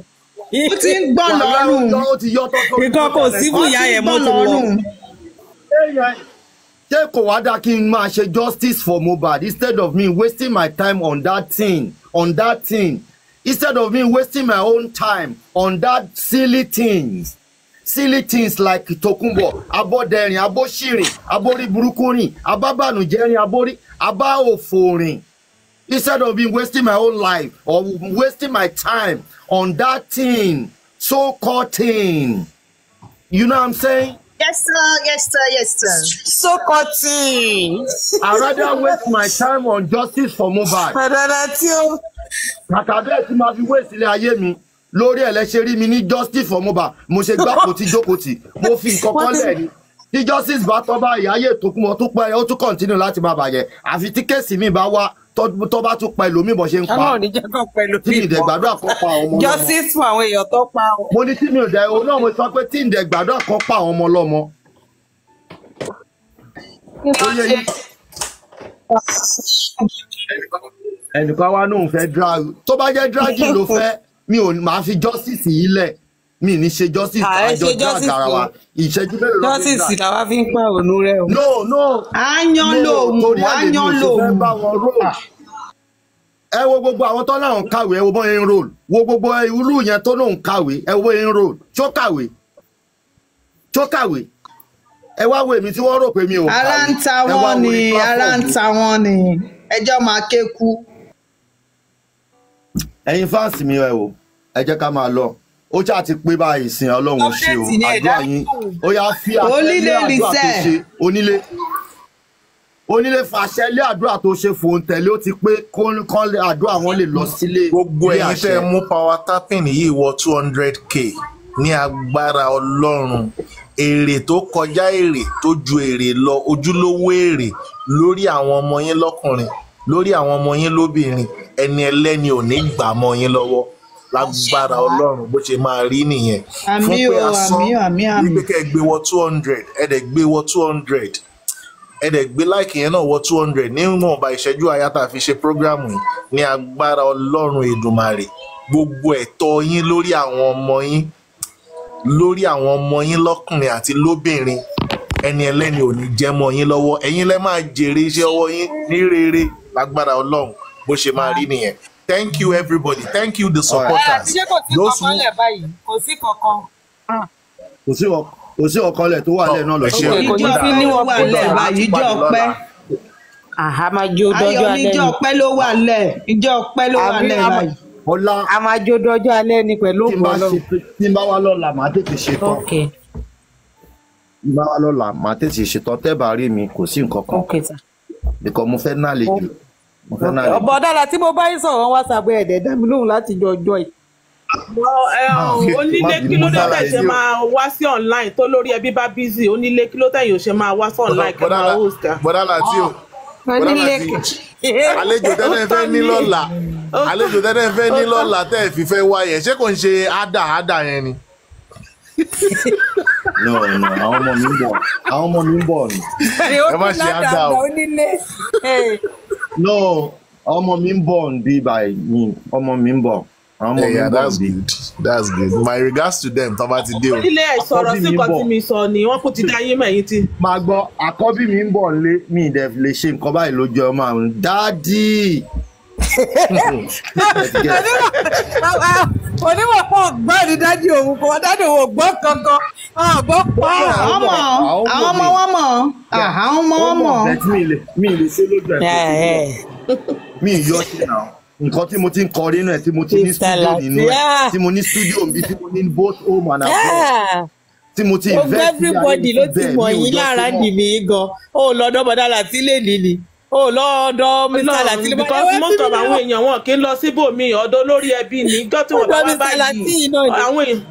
ó ti ń gbọ́ lọ́rùn nǹkan kò síbùyà yẹn mọ́tò wọn ṣé kò wá dáa kí n máa ṣe justice for Mohbad instead of me wasting my time on that thing on that thing instead of me wasting my own time on that silly things silly things like Tokunbo abọdẹrin abọsirin abori burukurin ababanujẹrin abori abaoforin instead of me wasting my own life or wasting my time on that thing so-called thing you know what I'm saying. Yes, sir. Yes, sir. Yes, sir. So cutting. I rather waste my time on justice for Mohbad. I tí ó. Kàkà bẹ́ẹ̀ tí màá fi waste ilé ayé mi lórí ẹlẹ́ṣẹ̀ justice for Mohbad. Mo ṣe gbá kòtí jókòtì. Mo fi nǹkan kan lẹ̀ ni. Tí justice bá tọ́ bá ìyáyé tó kún mọ́ tó pẹ́ ó tún kọ̀ntínú láti máa bàjẹ́. Àfi tí kéèsì mi bá wá tó bá tún pa ẹlòmíì bọ̀ ṣe ń pa tí ìdẹ̀ gbàdúrà kan ọmọ lọ́mọ justice fún àwọn èèyàn tó pa ọ. mo ní tí mi ò dẹ o náà mo sọ pé tí ìdẹ̀ gbàdúrà kan ọmọ lọ́mọ. ẹnìkan wá náà fẹ́ drag tó bá jẹ́ drag ló fẹ́ mi ò máa fi justice yìí lẹ̀ mi ni se justice ah, àjọ jẹ àkàrà wa ìṣẹ́jú mẹ́rin lọ́wọ́ justice làwa fi ń pa òun rẹ o. no no ayan lòun ayan lòun ah. ẹ wo gbogbo àwọn tó náà ń kàwé ẹ wo bọ́ yẹn ń roll wo gbogbo irú yẹn tó náà ń kàwé ẹ wo yẹn ń roll tó kàwé tó kàwé ẹ wá wo èmi tí wọ́n rò pé mi ò kàwé ara ń ta wọ́n ni ara ń ta wọ́n ni ẹjọ́ máa ké kú. ẹ̀yin fáǹsì mi ẹ wò ẹ jẹ́ ká máa lọ ó ṣáà ti pé báyìí ìsìn ọlọ́run ṣe o àdúrà yín ó yá fi àṣẹlé àdúrà tó ṣe onílé onílé fàṣẹlé àdúrà tó ṣe fòun tẹ̀lé ó ti pé kán àdúrà wọn lè lọ sílé ilé àṣẹ. gbogbo ẹ̀yin tẹ́ mú power tapping yìí wọ two hundred k ní agbára ọlọ́run èrè tó kọjá èrè tó ju èrè lọ ojúlówó èrè lórí àwọn ọmọ yín lọ́kùnrin lórí àwọn ọmọ yín lóbìnrin ẹni ẹlẹ́ni ò ní gbà mọ́ yín lọ́wọ́ lágbára ọlọ́run bó ṣe máa rí nìyẹn fún pé asán wípé kẹ́ ẹ gbé wọ two hundred ẹ dẹ̀ gbé wọ two hundred ẹ dẹ̀ gbé láìkì yẹn náà wọ two hundred níwọ̀nba ìṣẹ́jú àyàtà fi ṣe prógrámù yìí ní agbára ọlọ́run èdùmàrè gbogbo ẹ̀tọ́ yín lórí àwọn ọmọ yín lórí àwọn ọmọ yín lọ́kùnrin àti lóbìnrin ẹni ẹlẹ́ni ò ní jẹ́ mọ́ yín lọ́wọ́ ẹ̀yin lẹ́ máa jèrè iṣẹ́ ọwọ́ yín ní rere lágbára ọlọ́run bó ṣe máa rí nìyẹn thank you everybody thank you the supporters. Eh, Those who, sí kankan lẹ̀ báyìí kò sí kankan. Ah. kò sí kò sí ọkàn lẹ̀ tó wà lẹ̀ náà lọ oh, ṣe. ìjọ fi ní wọn kò lẹ̀ báyìí ìjọ ọpẹ́. àhámájú dọ́jọ́ alẹ́ ni ìjọ ọpẹ́ ló wà lẹ̀ ìjọ ọpẹ́ ló wà lẹ̀ báyìí. ọlá àmájú dọ́jọ́ alẹ́ ni pẹ̀lú òpòlọ. tí n bá wá lọ́la màá tètè ṣe tán. tí n bá wá lọ́la màá tètè ṣe tẹ́ bá rí mi kò sí nǹkan kan. bìkọ́ mo fẹ́ náà ọ̀bọ̀ dára tí mo bá yín sọ̀rọ̀ wọn whatsapp ẹ̀ dẹ̀ dá mi lóhùn láti jọ ọjọ́ yìí. Ah, um, onílé kí ló dé tẹ̀ ṣe máa wá sí online tó lórí ẹbí bá busy onílé kí ló tẹ̀ yóò ṣe máa wá sí online kẹ́ máa host ẹ̀. bọ́dá láti o bọ́dá láti àlejò tẹ́lẹ̀ fẹ́ ní lọ́la àlejò tẹ́lẹ̀ fẹ́ ní lọ́la tẹ́ ẹ̀ fi fẹ́ wá yẹn ṣé kò ń ṣe ádà ádà yẹn ni. no no àwọn ọmọ mi ń bọ̀ àwọn ọmọ mi ń bọ̀ ni. ẹ má ṣe ádà o. no ọmọ mi ń bọ̀ ń bí by me ọmọ mi ń bọ̀ àwọn ọmọ mi ń bọ̀ ń bí. that's good my regards to them tọ́ba ti dé o. ilé ẹ̀ sọ̀rọ̀ sí kan tí mi sọ ni wọ́n kò ti dá yé mẹ́yìn tí. máa gbọ́ àkọ́bí mi ń bọ̀ nílé mi ìdẹ̀ lè ṣe nǹkan báyìí lójú ọmọ àwọn dáàdì onímọ̀ pọ̀ gbọ́ ní dájú òun kò wọ́n dájú òun gbọ́ kankan ọ̀gbọ́ pa. àwọn ọmọ àwọn ọmọ wọn mọ̀ àwọn ọmọ wọn mọ̀. mi ì lè ṣe lójú ẹ̀ mi ì yọ ṣe náà nǹkan tí mo ti ń kọ nínú ẹ̀ tí mo ti ní studio nínú ẹ̀ tí mo ní studio mi tí mo ní both home and abroad tí mo ti invest ní ayé mi bẹ́ẹ̀ mi ò jọ ṣe náà. gbogbo everybody ló ti mọ̀ yín lára nìmí gan o lọ́dọ̀ bọ̀dá làtí lè ní ni o lọ́ọ̀dọ̀ mi náà because most of àwọn èèyàn wọn kì í lọ síbòmí ọ̀dọ̀ lórí ẹbí ní gọ́tí wọn bá wá báyìí àwọn èèyàn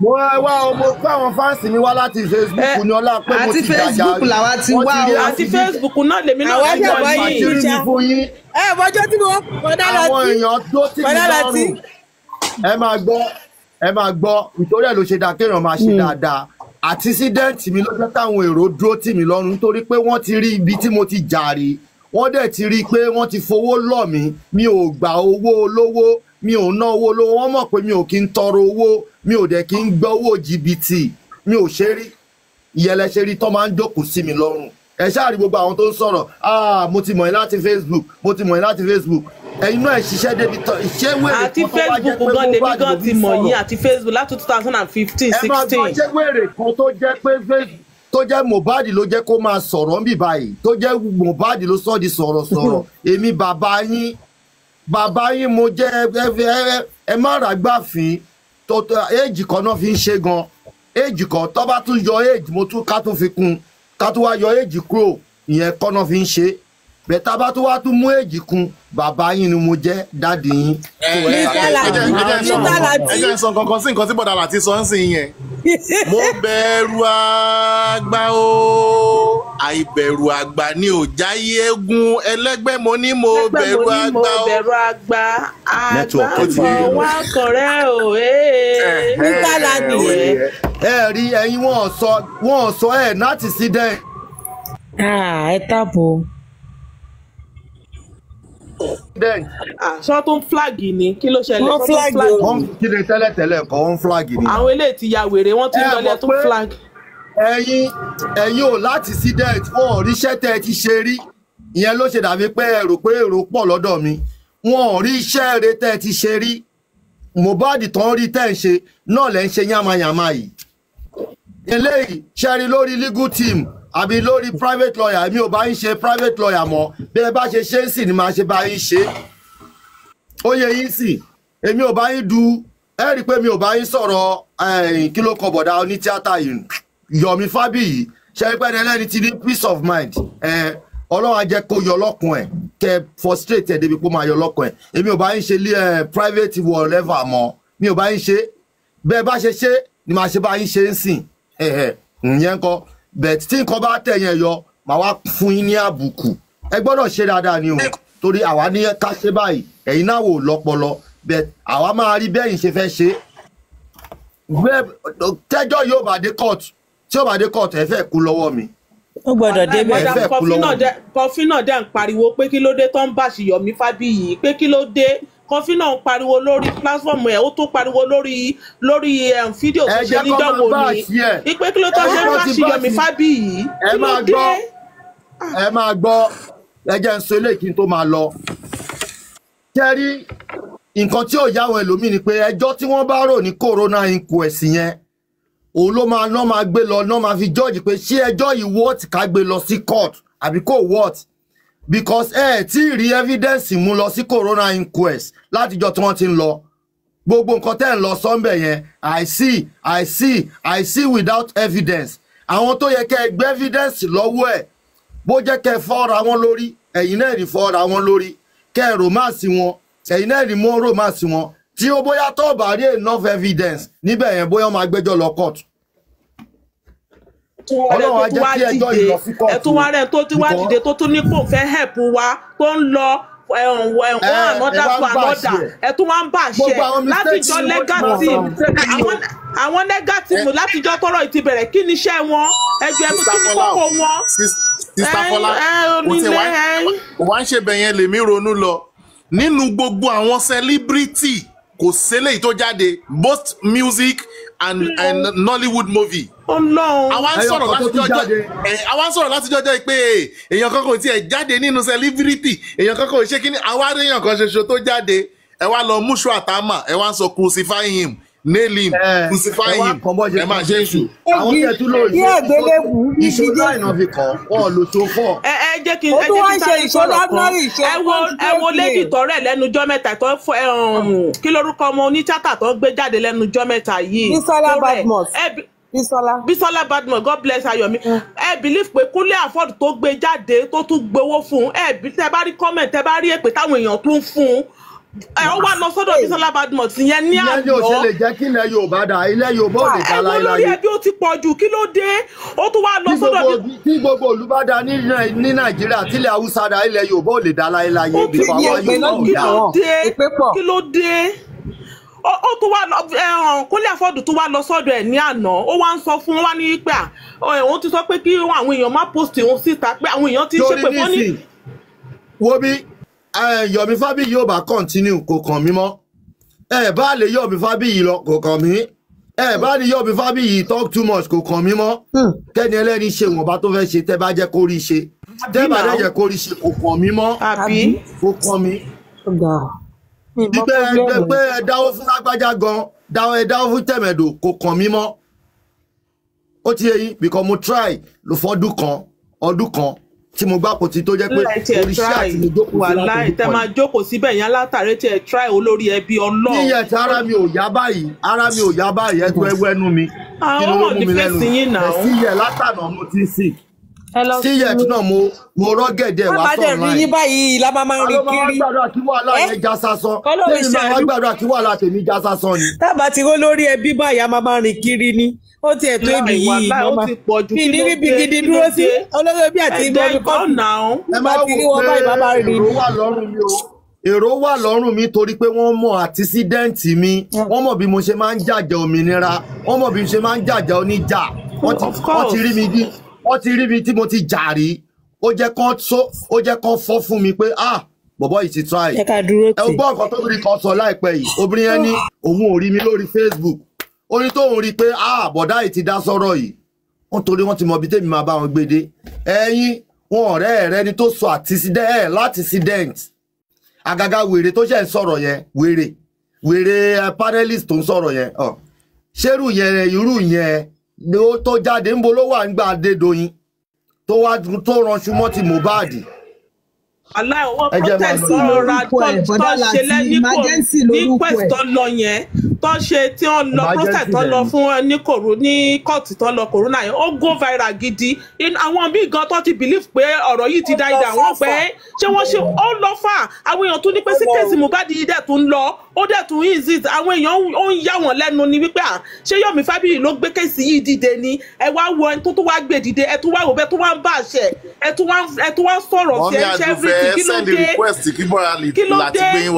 mo wá ọmọ pé àwọn fáǹsì mi wá láti facebook eh, ni ọlá pé mo ti dàjà àti facebook làwa o àti facebook náà lèmi náà wá jọ yìí àwọn èèyàn tó ti ẹ bọjọ tí mo kọdá láti àwọn èèyàn tó ti mi lọ́rùn ẹ máa gbọ́ ẹ máa gbọ́ nítorí ẹ ló ṣe dáa kéèyàn máa ṣe hmm. dáadáa àti sídẹ́ǹtì mi lọ́jọ́ táwọn èrò dúró tì mí lọ́rùn nítorí pé wọ́n ti rí ibi tí mo ti jàre wọ́n dẹ̀ ti rí i pé wọ́n ti fowó lọ̀ mí mi ò gba owó olówó mi ò ná owó olówó wọ́n mọ̀ pé mi ò kí ń tọrọ owó mi ò dẹ̀ kí ń gbọ́ owó jìbìtì mi ò ṣe rí ìyẹlẹ ṣe rí tọ́ máa ń jókòó sí mi lọ́rùn ẹ ṣáà rí gbogbo àwọn tó ń sọ̀rọ̀ ah mo ti mọ̀ ẹ́ láti Facebook mo ti mọ̀ ẹ́ láti Facebook ẹ̀yin náà ṣiṣẹ́ débi tọ́ ṣé wèrè kan tó bá jẹ́ pé mo bá jẹ́ bí sọ̀rọ̀ àti Facebook láti two thousand and fifteen sixteen. ẹ máa gbọ́ ṣé wèrè kan tó jẹ́ pé tó jẹ́ Mohbad ló jẹ́ kó máa sọ̀rọ̀ ń báyìí tó jẹ́ Mohbad ló sọ́ di sọ̀rọ̀ sọ̀rọ̀ èmi bàbá yín bàbá yín mo jẹ́ ẹ má rà gbàfin éèjì kan náà fi ń ṣe gan éèjì kan tó bá tún yọ éèjì mo tún ká tún fi kún ká tún wá yọ éèjì kúrò ìyẹn kọ́ náà fi ń ṣe bẹ̀ẹ́ tá a bá tún wá tún mú éèjì kún bàbá yín ni mo jẹ́ dáàdì yín. ẹ jẹ́ sọ kankan sí nǹkan tí bọ̀dà láti sọ ń sìn yẹn. mo bẹ̀rù àgbà o àìbẹ̀rù àgbà ni ò jáyé eégún ẹlẹ́gbẹ́ mo ní mo bẹ̀rù àgbà o. mo bẹ̀rù àgbà àgbà kan wá kọ̀rẹ́ o nígbà láti yẹ. ẹ rí ẹyin wọn ò sọ ah, ẹ náà ti sí dẹ. ẹ tábò then ah, tó ń flag ni kí ló ṣẹlẹ̀ wọ́n flag ni. kí ni tẹ́lẹ̀tẹ́lẹ̀ kọ́ wọ́n flag ni. àwọn eléyìí ti ya wèrè wọ́n ti lọlẹ̀ tó flag. ẹ̀yin ẹ̀yin ò láti sí det wọn ò ríṣẹ́ tẹ́ ẹ ti ṣe rí ìyẹn ló ṣe dàbí pé èrò pé èrò pọ̀ lọ́dọ̀ mi wọn ò rí iṣẹ́ rẹ tẹ́ ẹ ti ṣe rí Mohbad tán rí tẹ́ ẹ ṣe náà lẹ́ ń ṣe yánmayànmá yìí eléyìí ṣẹ́rí lórí legal team àbí lórí private lawyer èmi ò bá ń ṣe private lawyer mọ́ bí ẹ bá ṣe ṣe ń sìn ni màá ṣe bá yín ṣe ó yẹ yín sìn èmi ò bá yín du ẹ rí i pé mi ò bá yín sọ̀rọ̀ kí ló kọ bọ̀dá oní tíátà yìí Yọ̀mí Fábíyì ṣe pé ẹlẹ́ni ti ní peace of mind ọlọ́run á jẹ́ kó yọ lọ́kùn ẹ̀ kẹ frustrate ẹ̀ débi kó máa yọ lọ́kùn ẹ̀ èmi ò bá yín ṣe private whatever mọ́ mi ò bá yín ṣe bẹ́ẹ̀ bá ṣe ṣe ni màá ṣe bá yín ṣe ń sìn ìyẹn kọ́ bẹ̀t tí nǹkan bá tẹ̀yìn yọ màá wá fún yín ní àbùkù ẹ gbọ́dọ̀ ṣe dáadáa ni o torí àwa ní ká ṣe báyìí ẹ̀yin náà wò lọ́pọlọ bẹ̀t àwa máa rí bẹ́yìn ṣe fẹ́ ṣe tẹ́jọ́ yóò bá dé court tí yóò bá dé court ẹ fẹ́ kú lọ́wọ́ mi ó gbọ́dọ̀ débẹ̀. kọfí náà dẹ̀ ń pariwo pé kí ló dé tó ń bàṣìyọ̀mí fábíyì pé kí ló dé kọfí náà ń pariwo lórí platform ẹ ó tó pariwo lórí lórí um, fídíò tó ṣe níjọwọ ni ipe kí ló tó ṣe ń bá ṣiyọmí fábí yìí kí ló dé. ẹ máa gbọ́ ẹ jẹ́ ń sọ eléyìí kí n tó máa lọ. kẹ́rí nǹkan tí ò yáwọn ẹlòmíì ni pé ẹjọ́ tí wọ́n bá rò ní corona inquest yẹn òun ló máa ná máa gbé lọ ná máa fi jọ́ọ̀jì pé ṣé ẹjọ́ yìí wọ́ọ̀tì ká gbé lọ sí court àbí kò wọ́ọ̀tì because ẹ eh, tí rí evidence mú lọ sí corona inquest látijọ́ tí wọ́n ti ń lọ gbogbo nǹkan tẹ́ ń lọ sọ́ńbẹ̀ yẹn i see i see i see without evidence àwọn tó yẹ kẹ́ ẹ gbé evidence lọ́wọ́ ẹ̀ bó jẹ́ kẹ́ ẹ fọ́ra wọn lórí ẹ̀yin náà rí fọ́ra wọn lórí kẹ́ ẹ romance wọn ẹ̀yin náà rí mọ́ romance wọn tí ó bóyá tó bá rí enough evidence níbẹ̀ yẹn bóyá wọ́n máa gbẹ́jọ́ lọ kóòtù kún ọ̀rẹ́ tó tún wá dìde ẹ tún wá rẹ tó tún wá dìde tó tún ní kò fẹ́ help wa tó ń lọ eh, one another to another ẹ wá ń bà ṣe látijọ́ negative àwọn àwọn negative eh. tọrọ ìti bẹ̀rẹ̀ kí ni iṣẹ́ wọn ẹjọ́ ẹbí kí ni kókó wọn. sista wàá ń ṣe bẹ̀yẹn lèmi ronú lọ nínú gbogbo àwọn celebrity kò ṣẹlẹ̀ tó jáde both music and, and Nollywood movie ọlọ́run. àwa ń sọ̀rọ̀ láti jọjọ́ àwa ń sọ̀rọ̀ láti jọjọ́ pé èèyàn kan kò tiẹ̀ jáde nínú celebrity èèyàn kan kò ṣe kíní àwa rí èèyàn kan ṣoṣo tó jáde ẹ wá lọ múṣù àtàmà ẹ wá ń sọ crucify him nail him crucify him ẹ máa ṣe iṣu. àwọn tí ẹ tún lò ní ìṣòro àìnà fi kàn wọn lò tó fọ. ẹ ẹ jẹ́ kí ẹ jẹ́ kí sáré sọ̀rọ̀ kan ẹ wo ẹ wo lady tọrẹ lẹ́nujọ́ mẹ́ta tó fọ ẹ kí lórúkọ ọmọ onítìátà tó gbé jáde lẹ́nujọ́ mẹ́ta yìí. ní sọlá badmus. Bisola. Bisola Badmus God bless Ayomi. Ẹ believe pé Kúnlé Afọ́dù tó gbé jáde tó tún gbowó fún un. Ẹ bí tẹ bá rí comment tẹ bá rí èpè táwọn èèyàn tó ń fún un. Ẹ ó wà lọ sọ́dọ̀ Bisola Badmus yẹn ní àná. Ilé yóò ṣe lè jẹ́ kí ilẹ̀ Yorùbá dà ilẹ̀ Yorùbá ò lè dá ah, láyé. Ẹ wọ́n lórí ẹbí ó ti pọ̀ jù kí ló dé? Ó tún wà lọ sọ́dọ̀ bí. Tí gbogbo olùbádà ní Nàìjíríà tí ilẹ̀ Haúsá dà ilẹ̀ Yorùbá ò lè dá láyé láyé. Ó ti yẹ ìpè náà kí ló ó tó wá Kúnlé Afọ́dù tó wá lọ sọ́dọ̀ ẹ̀ ní àná ó wá ń sọ fún wa ní pé òun ti sọ pé kí àwọn èèyàn má post òun síta pé àwọn èèyàn ti ṣe pé wọ́n ní. wo bí Yomi Fabiyi yóò bá continue kò kàn mí mọ́ ẹ bá lè Yomi Fabiyi lọ kò kàn mí ẹ bá lè Yomi Fabiyi talk too much kò kàn mí mọ́ hmm. kẹ́ni ẹlẹ́ni ṣe wọ̀nba tó fẹ́ ṣe tẹ́ bá jẹ́ kó rí ṣe tẹ́ bá dẹ́ jẹ́ kó rí ṣe kò kàn mí mọ́ kò kàn mí gbígbẹ́ ẹgbẹ́ ẹ dáwó fún lágbájá gan ẹ dáwó fún tẹ̀mẹ̀dò kò kàn mí mọ́ ó ti yẹ yín because mo try lò fọ́ ọdún kan ọdún kan tí mo gbá kò ti tó jẹ́ pé oríṣi àti mo jókòó sí láti tẹ máa jókòó síbẹ̀ yẹn látàrí tí ẹ try olórí ẹbí ọlọ́run. níyẹn tí ara mi ò yá báyìí ara mi ò yá báyìí ẹ tó ẹwẹ́ nu mi kí ló ló mú mi lẹ́nu rẹ̀ sí yẹ látànà mo ti sìn síyẹ̀tì náà mo mo rọ́gẹ̀dẹ̀ wá sọ̀rọ̀ láì. wọ́n bá dẹ̀ rí yín báyìí lábá máa ń rí kiri. àwọn ọmọ wa gbàdúrà kí wàhálà yẹn já sásán. kọ́lọ́wé ṣàánú tẹ́lẹ̀ máa gbàdúrà kí wàhálà já sásán ni. tábà ti ró lórí ẹbí báyìí a máa máa rìn kiri ni ó ti ẹ̀tọ́ èmi yìí ìnáma kí ni bíbi gidi dúró sí olóyè bí àti ìgbà mi kọ́ bá ti rí wọn báyìí bàbá rí ni. èrò wà lọ́rùn mi torí pé wọ́n mọ̀ àtisídẹ́ǹtì mi wọ́n mọ̀ bí mo ṣe máa ń jàjà òmìnira wọ́n mọ̀ bí mo ṣe máa ń jàjà oníjà wọ́n ti rí mi wọ́n ti rí mi tí mo ti jà rí ó jẹ́ kán tó ó jẹ́ kán fọ́ fún mi pé ah bọ̀bọ̀ yìí ti try ẹ ò gbọ́ nǹkan tó rí kan sọ láìpẹ́ yìí obìnrin yẹn ní òun ò rí mi lórí Facebook orin tóun rí pé ah bọ̀dá yìí ti dá sọ́rọ̀ yìí wọ́n torí wọ́n ti mọ ibi tèmi máa bá wọn gbédé ẹ̀yin wọn ọ̀rẹ́ rẹ ni tó sọ àtisidẹ́ẹ̀ láti accident àgàgà wèrè tó ṣẹ̀ ń sọ̀rọ̀ yẹn wèrè wèrè panelist tó ń sọ̀rọ̀ yẹn ṣerú yẹn irú yẹn ni ó tó jáde ńbo ló wà nígbà Adédoyin tó wá tó ranṣu mọ́ ti Mohbad. aláìwọ protest ló ra tó ṣe lẹ́nìkò ní pẹ̀sítọ́ lọ yẹn tó ṣe tí wọ́n lọ protest tó lọ fún ẹ ní kòrò ní kóòtù tó lọ kòrónà yẹn ó go viral gidi àwọn míì gan tó ti believe pé ọ̀rọ̀ yìí ti da ìdá wọn pé ṣé wọ́n ṣe ó lọ fà àwọn èèyàn tún ní pé sí kéèsì Mohbad yìí dẹ̀ tún lọ ó dẹ̀ tún easy àwọn èèyàn ó ń yà wọ́n lẹ́nu ni wípé à ṣé Yomi Fábíyì ló gbé kéèsì yìí dìde ni ẹ wá wo ẹni tó tó wá gbé dìde ẹ tó wá wò bẹ́ẹ̀ tó wá ń bá àṣẹ ẹ tó wá sọ̀rọ̀ sí ẹ everything kí ló dé kí ló dé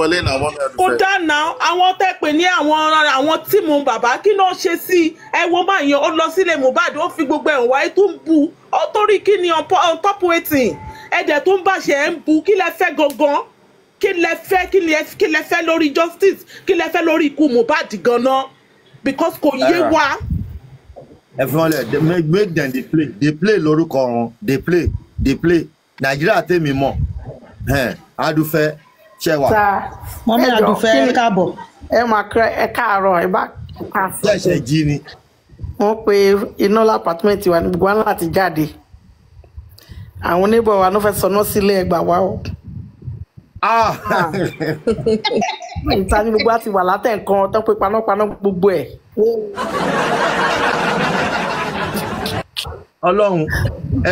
kó dáná àwọn tẹ́ pè ní àwọn àwọn tíìmù bàbá kí ló ṣe sí ẹ wo máa yan ó lọ sílé Mohbad ó fi gbogbo ẹ̀wọ̀n wáyé tó ń bu ó torí kí ni on top waiting kí lẹ fẹ́ kí lẹ fẹ́ lórí justice kí lẹ fẹ́ lórí ikú Mohbad ganan because kò yé wa. ẹ fi wọn lẹ make dem dey play dey play lórúkọ wọn dey play dey play nàìjíríà tèmi mọ adúfẹ́ ṣẹwà. sa mọ́mí adúfẹ́ ẹ káàbọ̀. ẹ máa kẹ ẹ káàárọ̀ ẹ bá kà sí. ṣẹ̀ṣẹ̀ jí ni. wọ́n pe iná lápàtúmẹ̀tì wa ní gbogbo wa láti jáde àwọn oníbọ̀ wa ló fẹ́ sọ náà sílé ẹgbàá wa o. Ah! Ah. ìtanilugba ti wà látẹ̀kan tó pé panápaná gbogbo ẹ̀. ọlọ́run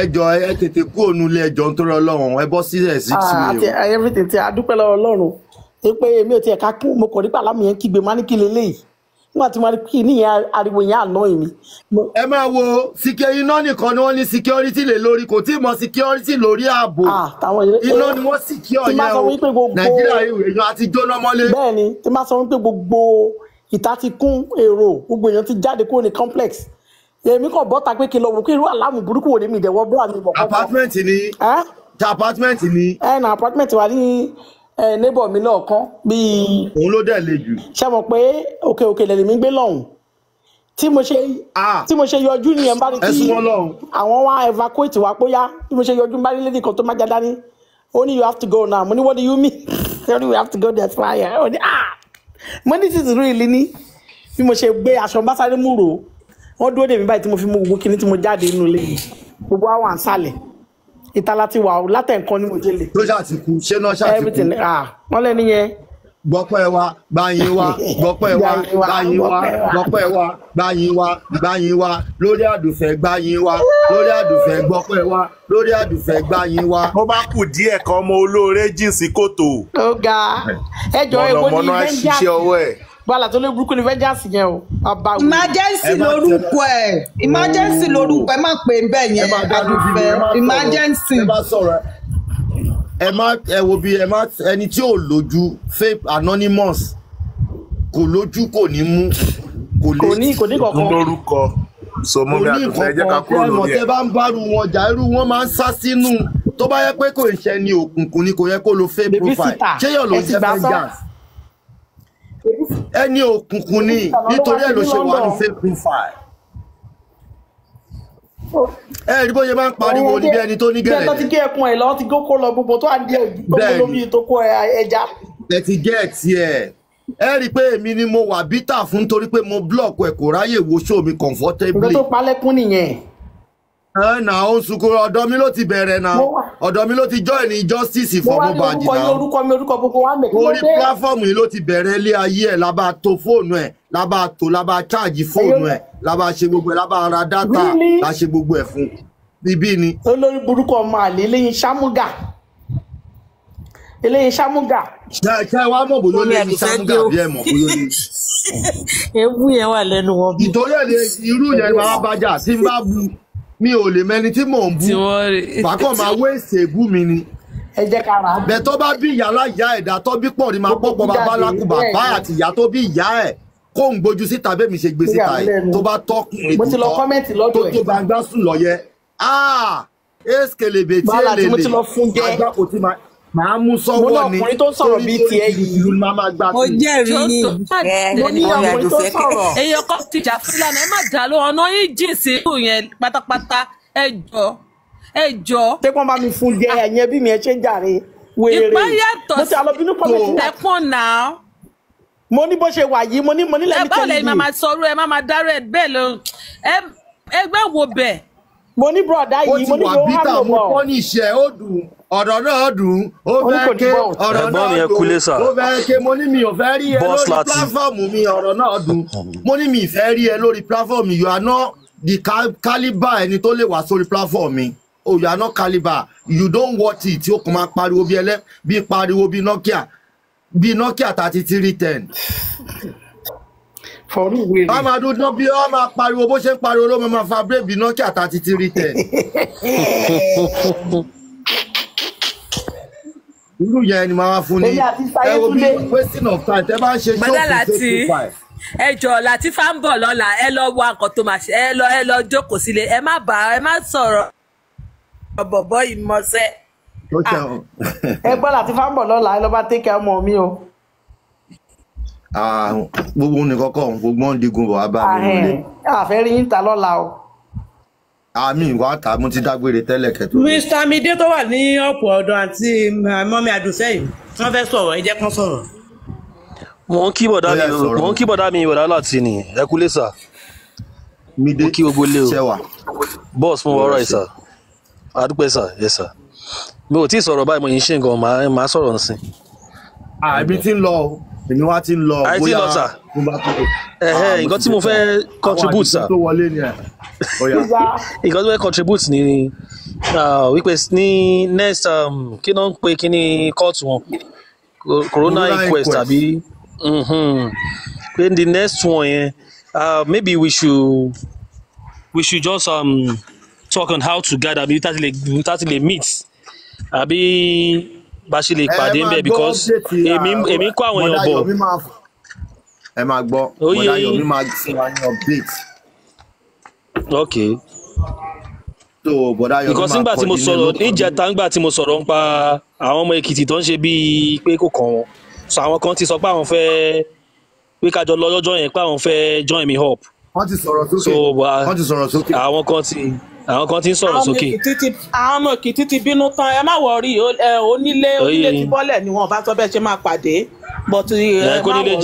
ẹjọ́ ẹ tètè kú ònulẹ̀ ẹjọ́ nítorí ọlọ́run ẹ bọ́ sílẹ̀ sí ah, ti ẹ. everything ti a dúpẹ́ lọ́wọ́ ọlọ́run pé èmi ò tiẹ̀ ká kí mo kọ̀ nípa alámìyẹn kígbe má ní kí lélẹ́yìí nígbà tí mo rí kí nìyẹn ariwo yẹn àná mi. ẹ máa wo sike iná nìkan ni wọ́n ní security lè lórí kò tí ì mọ security lórí ààbò iná ni wọ́n secure yẹn o nàìjíríà èèyàn àti jóná mọ́lé. bẹ́ẹ̀ni tí máa sọ wípé gbogbo ìta ti kún èrò gbogbo èèyàn ti jáde kúrò ní complex èmi kàn bọ́ta pé kí n lọ wò kí irú àlámù burúkú wo ni mi ìdẹ̀wọ́ bọ́ àmì ìbọ̀ apartment ni. ẹ eh? apartment ni. eh, na apartment wa ni ẹ neighbor mi lọ́ọ̀kan bíi. òun ló dẹ̀ le jù. ṣé mo pé òkè òkè lẹ́nu mi gbé lọ́hùn tí mo ṣe tí mo ṣe yọjú nìyẹn bá rí tí àwọn wá evacuate wa pé yá tí mo ṣe yọjú bá rí lẹ́nìí kan tó má jáde ní ó ní you have to go now mo ní what do you mean ó we have to go there fire ó ah Money, ní títí really ni. bí mo ṣe gbé aṣọ bá sáré mú rò ó dúró dèmí báyìí tí mo fi mú gbogbo kinní tí mo jáde nínú ilé gbogbo àwọn à ìtàlá ti wà ó látẹ̀ǹkan ní òjèlè. tó ṣàtìkù ṣé náà ṣàtìkù. Ah, wọ́n lẹ́ni yẹn. gbọ́pẹ́ wa gbàyìn wa gbọ́pẹ́ wa gbàyìn wa gbọ́pẹ́ wa gbàyìn wa gbàyìn wa lórí àdùfẹ́ gbàyìn wa lórí àdùfẹ́ gbọ́pẹ́ wa lórí àdùfẹ́ gbàyìn wa. ó bá kù díẹ̀ kan ọmọ olóore jìn sí kòtò. ó ga ẹjọ́ èwo ni nàìjíríà gbala tó lé burúkú ni vengeance yẹn o. emergency lórúkọ ẹ emergency mm. lórúkọ ẹ má pè é bẹ́ẹ̀ yẹn àdùfẹ́ emergency. ẹ má ẹ wo bí ẹ má ẹni tí ò lójú faith anonymous kò lójú kò ní mú kò lè kò ní kò ní kankan ẹ jẹ́ ká kúrò lórí ẹ. ẹ bá ń bárù wọn jà irú wọn máa ń sá sínú tó bá yẹ pé kò ń ṣe ni òkùnkùn ni kò yẹ kó lo faith profile ṣé yóò lọ jẹ vengeance ẹni òkùnkùn ni nítorí ẹ̀ ló ṣe wà ní fake profile ẹ rí bóyá máa ń pariwo ní bí ẹni tó ní gẹ̀rẹ́ bẹ́ẹ̀ ti gé ẹkùn ẹ̀ lọ́wọ́ ti gé kó lọ gbogbo tó à ń jẹ́ òjò lómi tó kó ẹja. ẹ ti gẹ́ ẹ̀ tiẹ̀ ẹ rí i pé èmi ni mo wà bítà fún torí pé mo blọọkù ẹ kò ráyè wo show mi comfortably. nǹkan tó palẹ́kún nìyẹn. ẹ nà ó ń sunkún ọ̀dọ̀ mi ló ti bẹ̀rẹ̀ náà. mo wà ọ̀dọ̀ mi ló ti join ní justice ìfọwọ́ bá jìnnà. mo wá ní orúkọ mi orúkọ gbogbo wa mẹ́kí orí platform yìí ló ti bẹ̀rẹ̀ ilé ayé ẹ̀ lábá to fóònù ẹ̀ lábá tó lábá charge fóònù ẹ̀ lábá ṣe gbogbo ẹ̀ lábá ra data la ṣe gbogbo ẹ̀ fún ibí ni. olórí burúkú ọmọ àlè eléyìí ṣámúgà eléyìí ṣámúgà. ṣe ṣe wàá mọ̀ bóyá eléyìí ṣámúgà bí ẹ mọ̀ bóyá eléyìí ewu yẹn wà lẹ́nu wọn. ìtòlẹ́ irú yẹn máa bá jà tí bá bu mi ò lè mẹni tí mò ń bú bàkọ́ máa wé ìṣègùn mi ni ẹ jẹ́ ká ra. bẹ́ẹ̀ tó bá bí ìyá láyà ẹ̀dá tó bí pọ̀ ní máa pọ̀pọ̀ bàbá lákù bàbá àti ìyá tó bí ìyá ẹ̀ kó ń gbójú síta bẹ́ẹ̀ mi ṣe gbé síta yìí tó bá tọ́kùn ètò tọ́ tó tó gbangba sùn lọ́yẹ. aa eskele bètí èlèlè àgbà kò tí máa máa mú sọ́wọ́ ni mo ní ọkùnrin tó sọ̀rọ̀ bíi tiẹ̀ yìí mo jẹ́rìí ni mo ní ọkùnrin tó sọ̀rọ̀. èyí ọkọ tìjà fúlàní ẹ má dà ló ọ̀nà yín jìn sí ìlú yẹn pátápátá ẹ jọ ẹ jọ. ṣé kí wọ́n bá mi fún jẹ ah. ẹ̀yẹ bí mi ẹ ṣe ń jàre wèrè mo ti àlọ́bínú kọ́lẹ́jì náà mo ní bó ṣe wà yìí mo ní mo ní lẹ́mí yìí. ẹ báwo lẹ́yìn ọ̀rọ̀ náà dùn ó fẹ́ ké ọ̀rọ̀ náà dùn ó fẹ́ ké mo ní mi ò fẹ́ rí ẹ lórí pláfọ́ọ̀mù mi ọ̀rọ̀ náà dùn mo ní mi ìfẹ́ rí ẹ lórí pláfọ́ọ̀mù you are not the caliber ẹni tó lè wá sórí pláfọ́ọ̀mù mi oh you are not caliber you don't worth it tí ó kàn máa pariwo bí ẹlẹ́ bí pariwo bí Nokia bí Nokia thirty three ten. fọ̀rọ̀ ìwé rẹ̀. ọmọ adúlọ́ bí ọ máa pariwo bó ṣe ń pariwo ló máa fa brave bí Nokia thirty three ten. irú yẹn ni màá fún ni ẹ wo ẹ jọ Latifa ń bọ̀ lọ́la ẹ lọ wá nǹkan tó máa ṣe ẹ lọ ẹ lọ jókòó sílé ẹ má bà ẹ má sọ̀rọ̀ bọ̀bọ̀ ìmọ̀ọ́sẹ́. Ah. ẹ gbọ́ Latifa ń bọ̀ lọ́la ẹ lọ bá tẹ́kẹ̀ ọmọ mi o. Ah, gbogbo nìkan kọ́ gbogbo ń digun bọ̀ abá mi àfẹ́rí ah, eh. yín ta lọ́la o àmì ìwà àtà mo ti dágbére tẹ́lẹ̀ kẹtù. Mr. Mide tó wà ní ọ̀pọ̀ ọ̀dọ̀ àti um, mọ́mí àdùsẹ́ yìí wọ́n fẹ́ sọ̀rọ̀ ẹ jẹ́ kán sọ̀rọ̀. mò ń kí bọ̀dá mi mò ń kí bọ̀dá mi ìwọ̀dà láti nì ẹ kú lé sà. Mide kí gbogbo lé o bọ́ọ̀sì mo wọ́ọ́rọ̀ ìsà àdúpẹ́ sà ẹ sà mi ò tí ì sọ̀rọ̀ báyìí mo yìí ṣe nǹkan màá sọ̀rọ̀ nsìn. àbí tí ń lọ èmi wá ti ń lọ ah, bóyá mo bá tó. Ah, nǹkan tí mo fẹ́ contribute sir nǹkan tí mo fẹ́ contribute ni ah, wípé ní next um, kí ló ń pe kí ni kóòtù wọn corona inquest àbí mhm. pé the next one yẹn maybe we should we should just um, talk on how to gather bí tá ti meet abi bá ṣe lè pàdé ah, ń bẹ̀ because èmi èmi kó àwọn èèyàn bọ̀. ẹ máa gbọ́ bọ́dà yomi máa fún wa ní update. ok. so bọ́dà yomi máa because nígbà tí mo sọ̀rọ̀ níjẹta nígbà tí mo sọ̀rọ̀ nípa àwọn ọmọ Èkìtì tó ń ṣe bíi pé kò kàn wọ́n so àwọn kan ti sọ pé àwọn fẹ́ẹ́ pé kájọ lọ́jọ́ yẹn pé àwọn fẹ́ join me up. wọ́n ti sọ̀rọ̀ sókè wọ́n àwọn kan ti àwọn kan ti ń sọ̀rọ̀ sókè. àwọn ọmọ èkìtì ti bínú tán ẹ má wọrí onílé onílé ti bọ́lẹ̀ ni wọn bá sọ bẹ́ẹ̀ ṣe máa pàdé bọ́tù eh, ẹ má wọrí.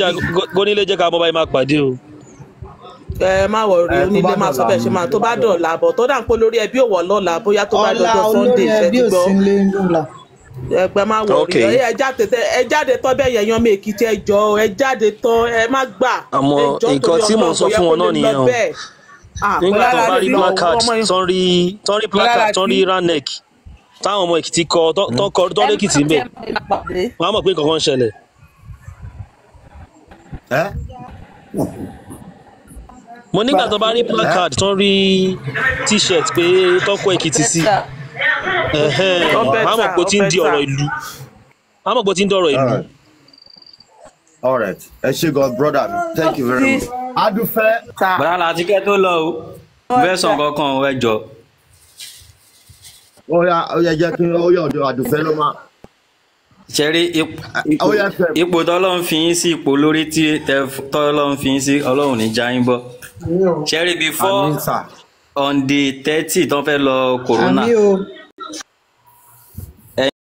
kónílé jẹ́ ká bọ́ báyìí máa pàdé o. ẹ má wọrí onílé máa sọ bẹ́ẹ̀ ṣe máa tó bá dọ̀la bọ̀ tó dà ń pé lórí ẹbí òwò lọ́la bóyá tó bá dọ̀jọ́ sunday ṣe ti gbọ́ ẹgbẹ́ má wọrí ẹ jáde tẹ ẹ jáde tọ́ bẹ́ẹ̀ yẹn yan mi èkìtì ẹ jọ ẹ jáde tọ́ ẹ má gbà. àmọ́ nǹkan tí mò ń sọ fún wọn náà nìyẹn o Ah, nígbà tó bá rí black card tán rí tán rí black card tán rí ranek táwọn ọmọ èkìtì kọ tán kọ tán lẹ́kìtì ń bẹ̀ wọ́n á mọ̀ pé kankan ń ṣẹlẹ̀. mo nígbà tó bá rí black card tán rí t-shirt pé tán kọ èkìtì sí wọ́n á mọ̀ pé ó ti ń di ọ̀rọ̀ ìlú wọ́n á mọ̀ pé ó ń di ọ̀rọ̀ ìlú. all right ẹ ṣé god brother thank you very much adúfẹ́. bàrà láti kẹ́ tó lọ o fẹ́sàn kankan ẹ jọ. ó yá ó yá jẹ́ kí ó yá ọ̀dọ̀ adúfẹ́ ló máa. ṣeré ipò tọ́lọ́run fi yín sí ipò lórí tí tọ́lọ́run fi yín sí ọlọ́run ní jáyín bọ́. ṣeré before on the thirty tó fẹ́ lọ corona. àmì